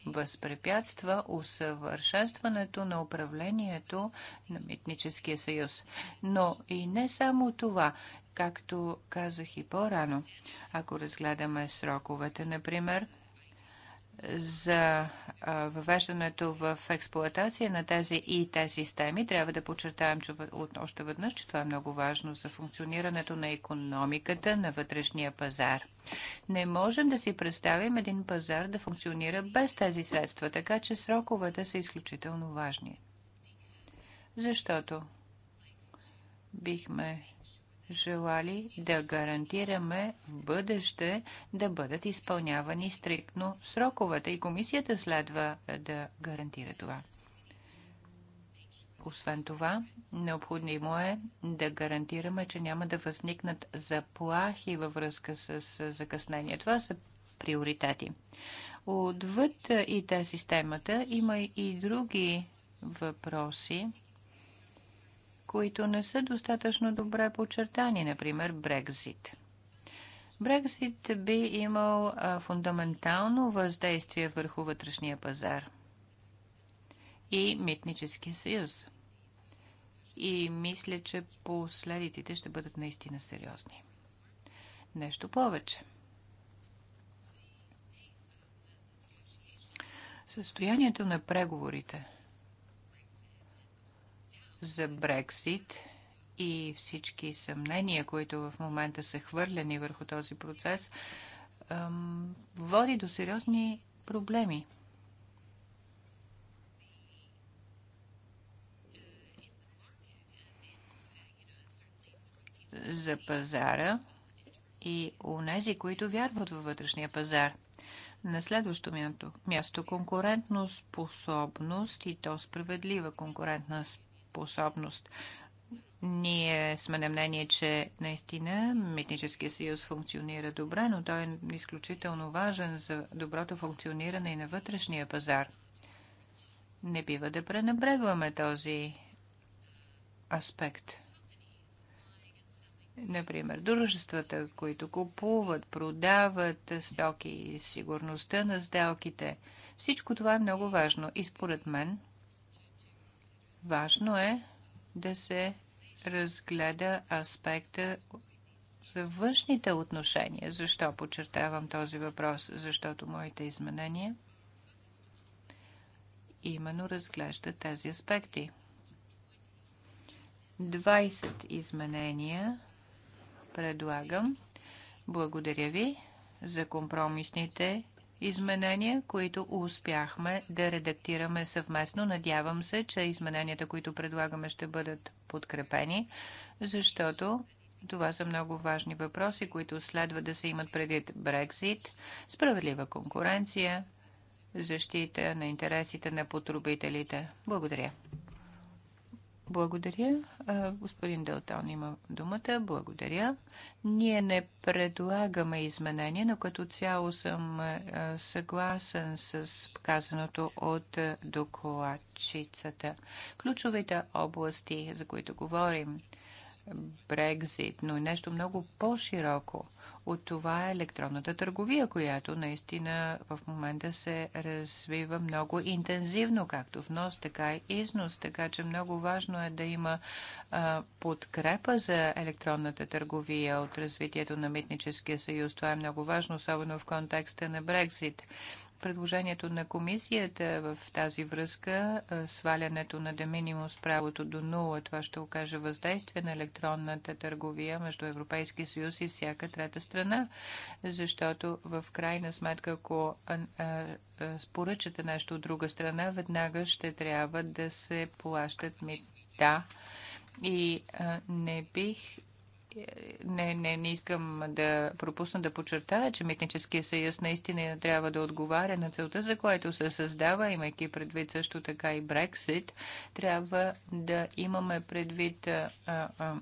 възпрепятства усъвършенстването на управлението на Митническия съюз. Но и не само това. Както казах и по-рано, ако разгледаме сроковете, например, за въвеждането в експлоатация на тези ИТ системи. Трябва да подчертаем че още веднъж, че това е много важно за функционирането на економиката на вътрешния пазар. Не можем да си представим един пазар да функционира без тези средства, така че сроковете са изключително важни. Защото бихме желали да гарантираме в бъдеще да бъдат изпълнявани стриктно сроковете и комисията следва да гарантира това. Освен това, необходимо е да гарантираме, че няма да възникнат заплахи във връзка с закъснение. Това са приоритети. Отвъд и тази системата има и други въпроси които не са достатъчно добре подчертани, например Брекзит. Брекзит би имал фундаментално въздействие върху вътрешния пазар и митническия съюз. И мисля, че последиците ще бъдат наистина сериозни. Нещо повече. Състоянието на преговорите – за Брексит и всички съмнения, които в момента са хвърлени върху този процес, води до сериозни проблеми. за пазара и унези, които вярват във вътрешния пазар. На следващо място, място конкурентно способност и то справедлива конкурентност способност. Ние сме на мнение, че наистина Митническия съюз функционира добре, но той е изключително важен за доброто функциониране и на вътрешния пазар. Не бива да пренебрегваме този аспект. Например, дружествата, които купуват, продават стоки, сигурността на сделките. Всичко това е много важно и според мен – Важно е да се разгледа аспекта за външните отношения. Защо подчертавам този въпрос? Защото моите изменения именно разглеждат тези аспекти. 20 изменения предлагам. Благодаря ви за компромисните изменения, които успяхме да редактираме съвместно. Надявам се, че измененията, които предлагаме, ще бъдат подкрепени, защото това са много важни въпроси, които следва да се имат предвид Брекзит, справедлива конкуренция, защита на интересите на потребителите. Благодаря. Благодаря. Господин Делтон има думата. Благодаря. Ние не предлагаме изменения, но като цяло съм съгласен с казаното от докладчицата. Ключовите области, за които говорим, Брекзит, но и нещо много по-широко от това е електронната търговия, която наистина в момента се развива много интензивно, както внос, така и износ. Така че много важно е да има а, подкрепа за електронната търговия от развитието на Митническия съюз. Това е много важно, особено в контекста на Брекзит предложението на комисията в тази връзка, е, свалянето на деминимус правото до нула, това ще окаже въздействие на електронната търговия между Европейския съюз и всяка трета страна, защото в крайна сметка, ако поръчате нещо от друга страна, веднага ще трябва да се плащат мита. И а, не бих не, не, не искам да пропусна да подчертая, че Митническия съюз наистина трябва да отговаря на целта, за което се създава, имайки предвид също така и Брексит, трябва да имаме предвид а, а,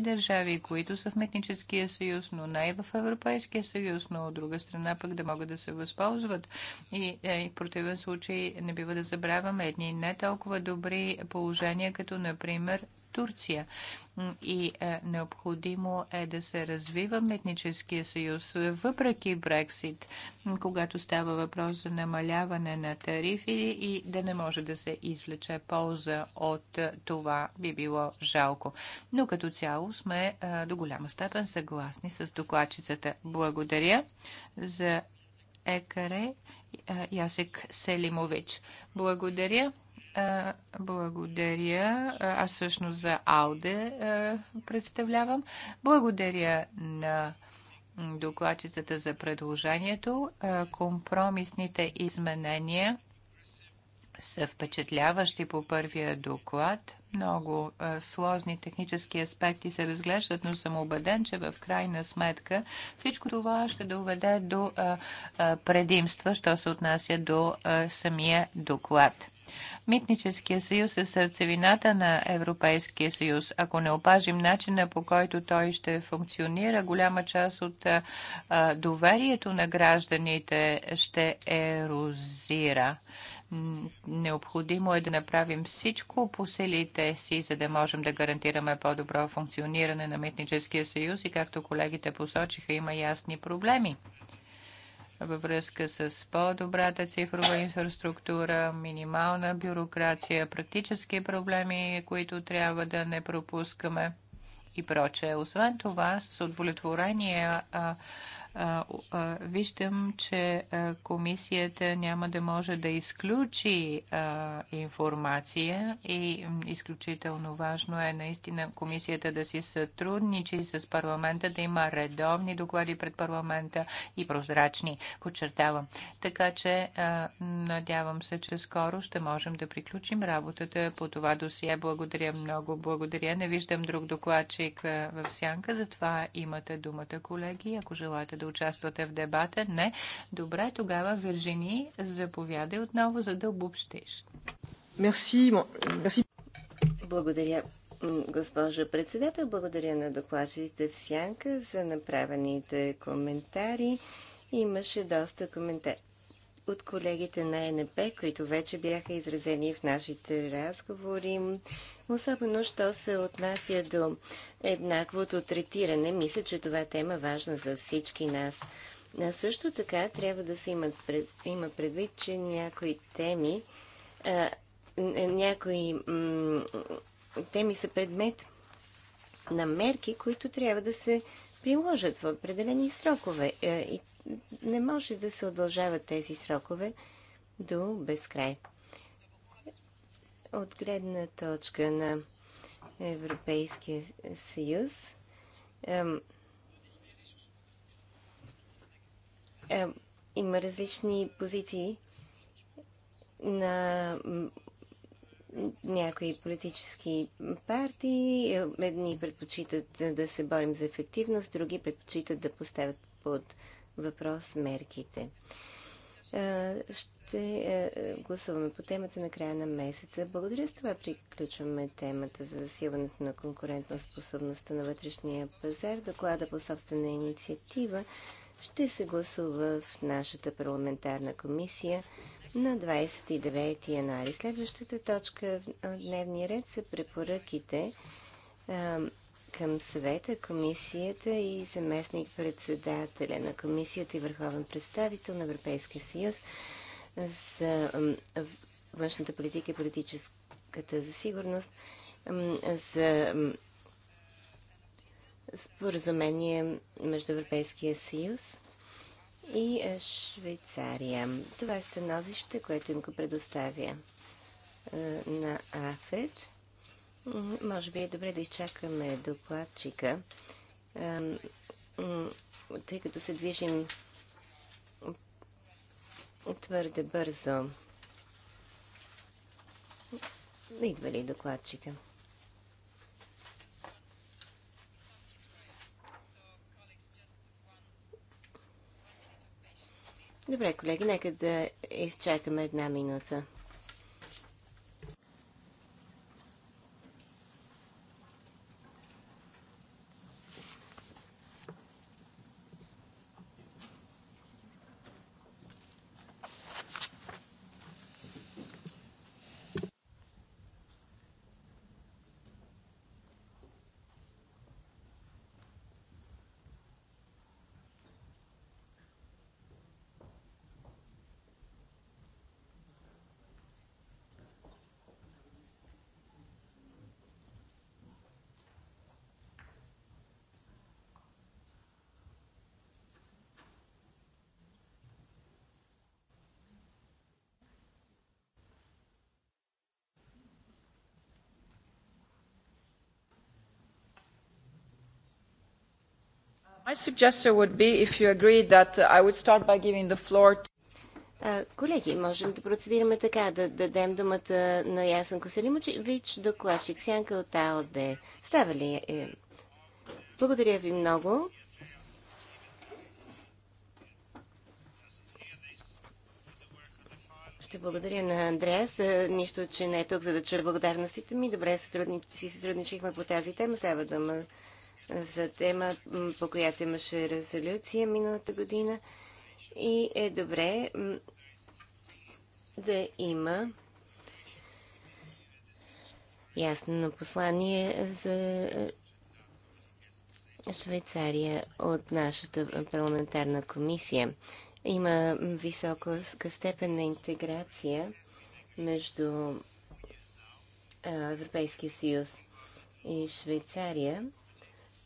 държави, които са в Митническия съюз, но не и в Европейския съюз, но от друга страна пък да могат да се възползват. И, е, и в противен случай не бива да забравяме едни не толкова добри положения, като например Турция. И е, необходимо е да се развива Метническия съюз, въпреки Брексит, когато става въпрос за намаляване на тарифи и да не може да се извлече полза от е, това би било жалко. Но като цяло сме е, до голяма степен съгласни с докладчицата. Благодаря за екаре е, Ясек Селимович. Благодаря. Благодаря. Аз всъщност за Ауде представлявам. Благодаря на докладчицата за предложението. Компромисните изменения са впечатляващи по първия доклад. Много сложни технически аспекти се разглеждат, но съм убеден, че в крайна сметка всичко това ще доведе до предимства, що се отнася до самия доклад. Митническия съюз е в сърцевината на Европейския съюз. Ако не опажим начина по който той ще функционира, голяма част от доверието на гражданите ще ерозира. Необходимо е да направим всичко по силите си, за да можем да гарантираме по-добро функциониране на Митническия съюз и както колегите посочиха, има ясни проблеми във връзка с по-добрата цифрова инфраструктура, минимална бюрокрация, практически проблеми, които трябва да не пропускаме и прочее. Освен това, с удовлетворение а, виждам, че комисията няма да може да изключи информация и изключително важно е наистина комисията да си сътрудничи с парламента, да има редовни доклади пред парламента и прозрачни, подчертавам. Така че надявам се, че скоро ще можем да приключим работата по това досие. Благодаря много, благодаря. Не виждам друг докладчик в сянка, затова имате думата, колеги, ако желаете да да участвате в дебата? Не. Добре, тогава Виржини, заповядай отново, за да обобщиш. Мерси. Мерси. Благодаря, госпожо председател. Благодаря на докладчите в Сянка за направените коментари. Имаше доста коментари от колегите на НП, които вече бяха изразени в нашите разговори особено що се отнася до еднаквото третиране. Мисля, че това е тема важна за всички нас. А също така трябва да се имат пред, има предвид, че някои теми, а, някои теми са предмет на мерки, които трябва да се приложат в определени срокове. Е, и не може да се удължават тези срокове до безкрай от гледна точка на Европейския съюз. има различни позиции на някои политически партии. Едни предпочитат да се борим за ефективност, други предпочитат да поставят под въпрос мерките. Ще ще е, е, гласуваме по темата на края на месеца. Благодаря с това приключваме темата за засилването на конкурентна способността на вътрешния пазар. Доклада по собствена инициатива ще се гласува в нашата парламентарна комисия на 29 януари. Следващата точка в дневния ред са препоръките към съвета, комисията и заместник председателя на комисията и върховен представител на Европейския съюз за външната политика и политическата за сигурност, за споразумение между Европейския съюз и Швейцария. Това е становище, което им го предоставя на АФЕД. Може би е добре да изчакаме докладчика, тъй като се движим твърде бързо. Идва ли докладчика? Добре, колеги, нека да изчакаме една минута. Uh, колеги, можем да процедираме така, да дадем думата на Ясен Косалимович, докладчик Сянка от АОД. Става ли? Е, благодаря ви много. Ще благодаря на Андреас. Нищо, че не е тук, за да чуя благодарностите ми. Добре, си сътрудничихме по тази тема. Става дума за тема, по която имаше резолюция миналата година. И е добре да има ясно послание за е, Швейцария от нашата парламентарна комисия. Има висока степен на интеграция между Европейския съюз и Швейцария.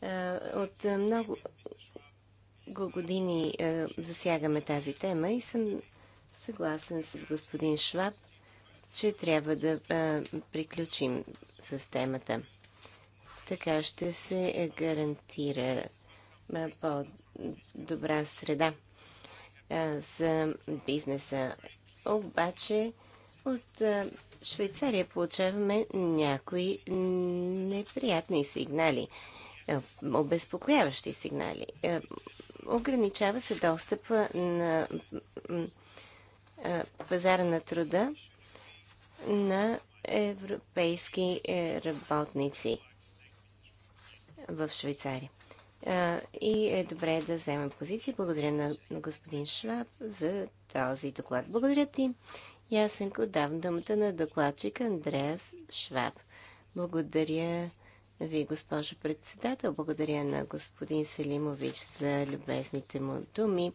Е, от много години е, засягаме тази тема и съм съгласен с господин Шваб, че трябва да е, приключим с темата. Така ще се гарантира по-добра среда за бизнеса. Обаче от Швейцария получаваме някои неприятни сигнали – е, обезпокояващи сигнали. Е, ограничава се достъпа на е, пазара на труда на европейски работници в Швейцария. И е добре да вземем позиция. Благодаря на, господин Шваб за този доклад. Благодаря ти. И аз давам думата на докладчик Андреас Шваб. Благодаря ви, госпожо председател. Благодаря на господин Селимович за любезните му думи.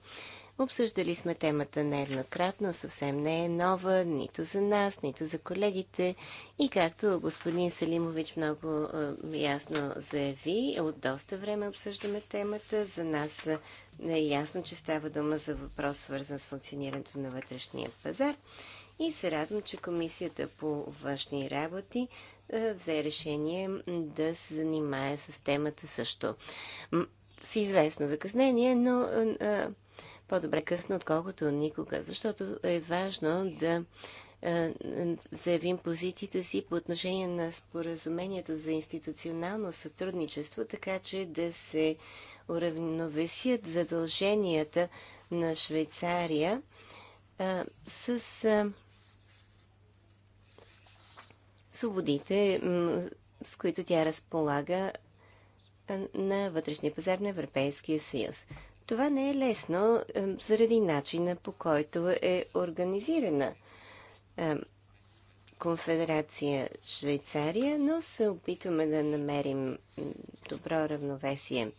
Обсъждали сме темата нееднократно, съвсем не е нова, нито за нас, нито за колегите. И както господин Салимович много е, ясно заяви, от доста време обсъждаме темата. За нас е ясно, че става дума за въпрос, свързан с функционирането на вътрешния пазар. И се радвам, че Комисията по външни работи е, взе решение да се занимае с темата също. С известно закъснение, но е, е, по-добре късно, отколкото никога, защото е важно да заявим позициите си по отношение на споразумението за институционално сътрудничество, така че да се уравновесят задълженията на Швейцария а, с а, свободите, с които тя разполага на вътрешния пазар на Европейския съюз. Това не е лесно заради начина по който е организирана Конфедерация Швейцария, но се опитваме да намерим добро равновесие.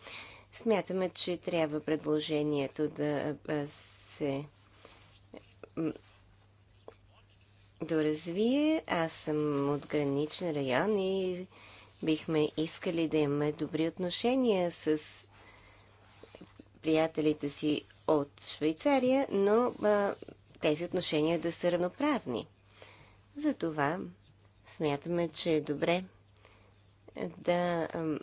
Смятаме, че трябва предложението да се доразвие. Аз съм от граничен район и бихме искали да имаме добри отношения с приятелите си от Швейцария, но а, тези отношения да са равноправни. Затова смятаме, че е добре да а,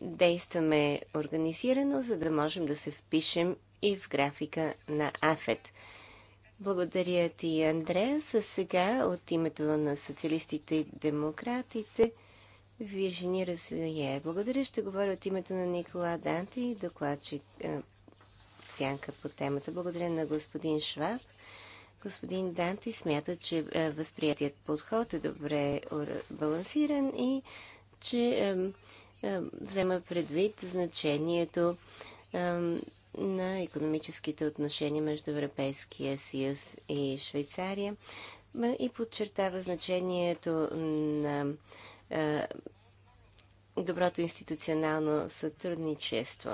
действаме организирано, за да можем да се впишем и в графика на АФЕТ. Благодаря ти, Андрея. А сега от името на социалистите и демократите Виржини Разуе. Благодаря. Ще говоря от името на Никола Данти, и докладчик е, в сянка по темата. Благодаря на господин Шваб. Господин Данти смята, че е, възприятият подход е добре балансиран и че е, е взема предвид значението на економическите отношения между Европейския съюз и Швейцария и подчертава значението на доброто институционално сътрудничество.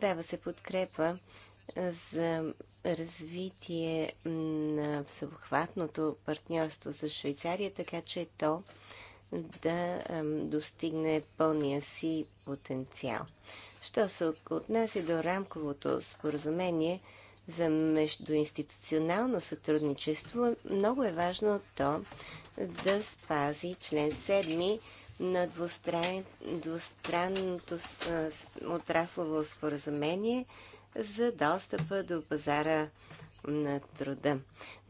Дава се подкрепа за развитие на всеобхватното партньорство за Швейцария, така че то да достигне пълния си потенциал. Що се отнася до рамковото споразумение за междуинституционално сътрудничество, много е важно то да спази член 7 на двустранното отраслово споразумение за достъпа до пазара на труда.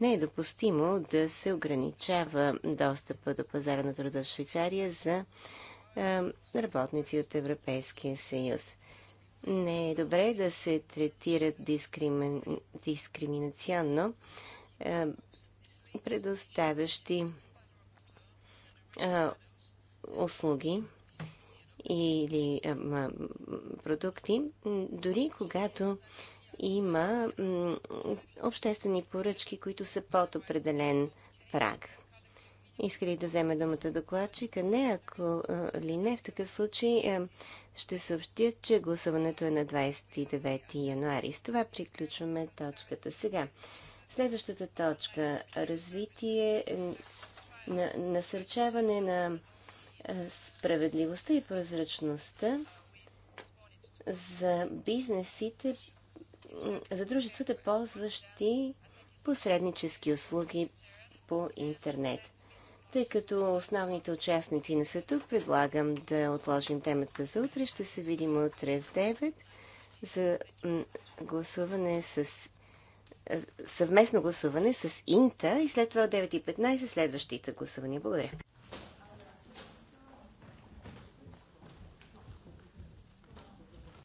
Не е допустимо да се ограничава достъпа до пазара на труда в Швейцария за работници от Европейския съюз не е добре да се третират дискримен... дискриминационно предоставящи услуги или продукти, дори когато има обществени поръчки, които са под определен праг. Иска ли да вземе думата докладчика? Не, ако ли не, в такъв случай ще съобщя, че гласуването е на 29 януари. С това приключваме точката. Сега, следващата точка. Развитие, на, насърчаване на справедливостта и прозрачността за бизнесите, за дружествата, ползващи посреднически услуги по интернет. Тъй като основните участници не са тук, предлагам да отложим темата за утре. Ще се видим утре в 9 за гласуване с съвместно гласуване с Инта и след това от 9.15 следващите гласувания. Благодаря.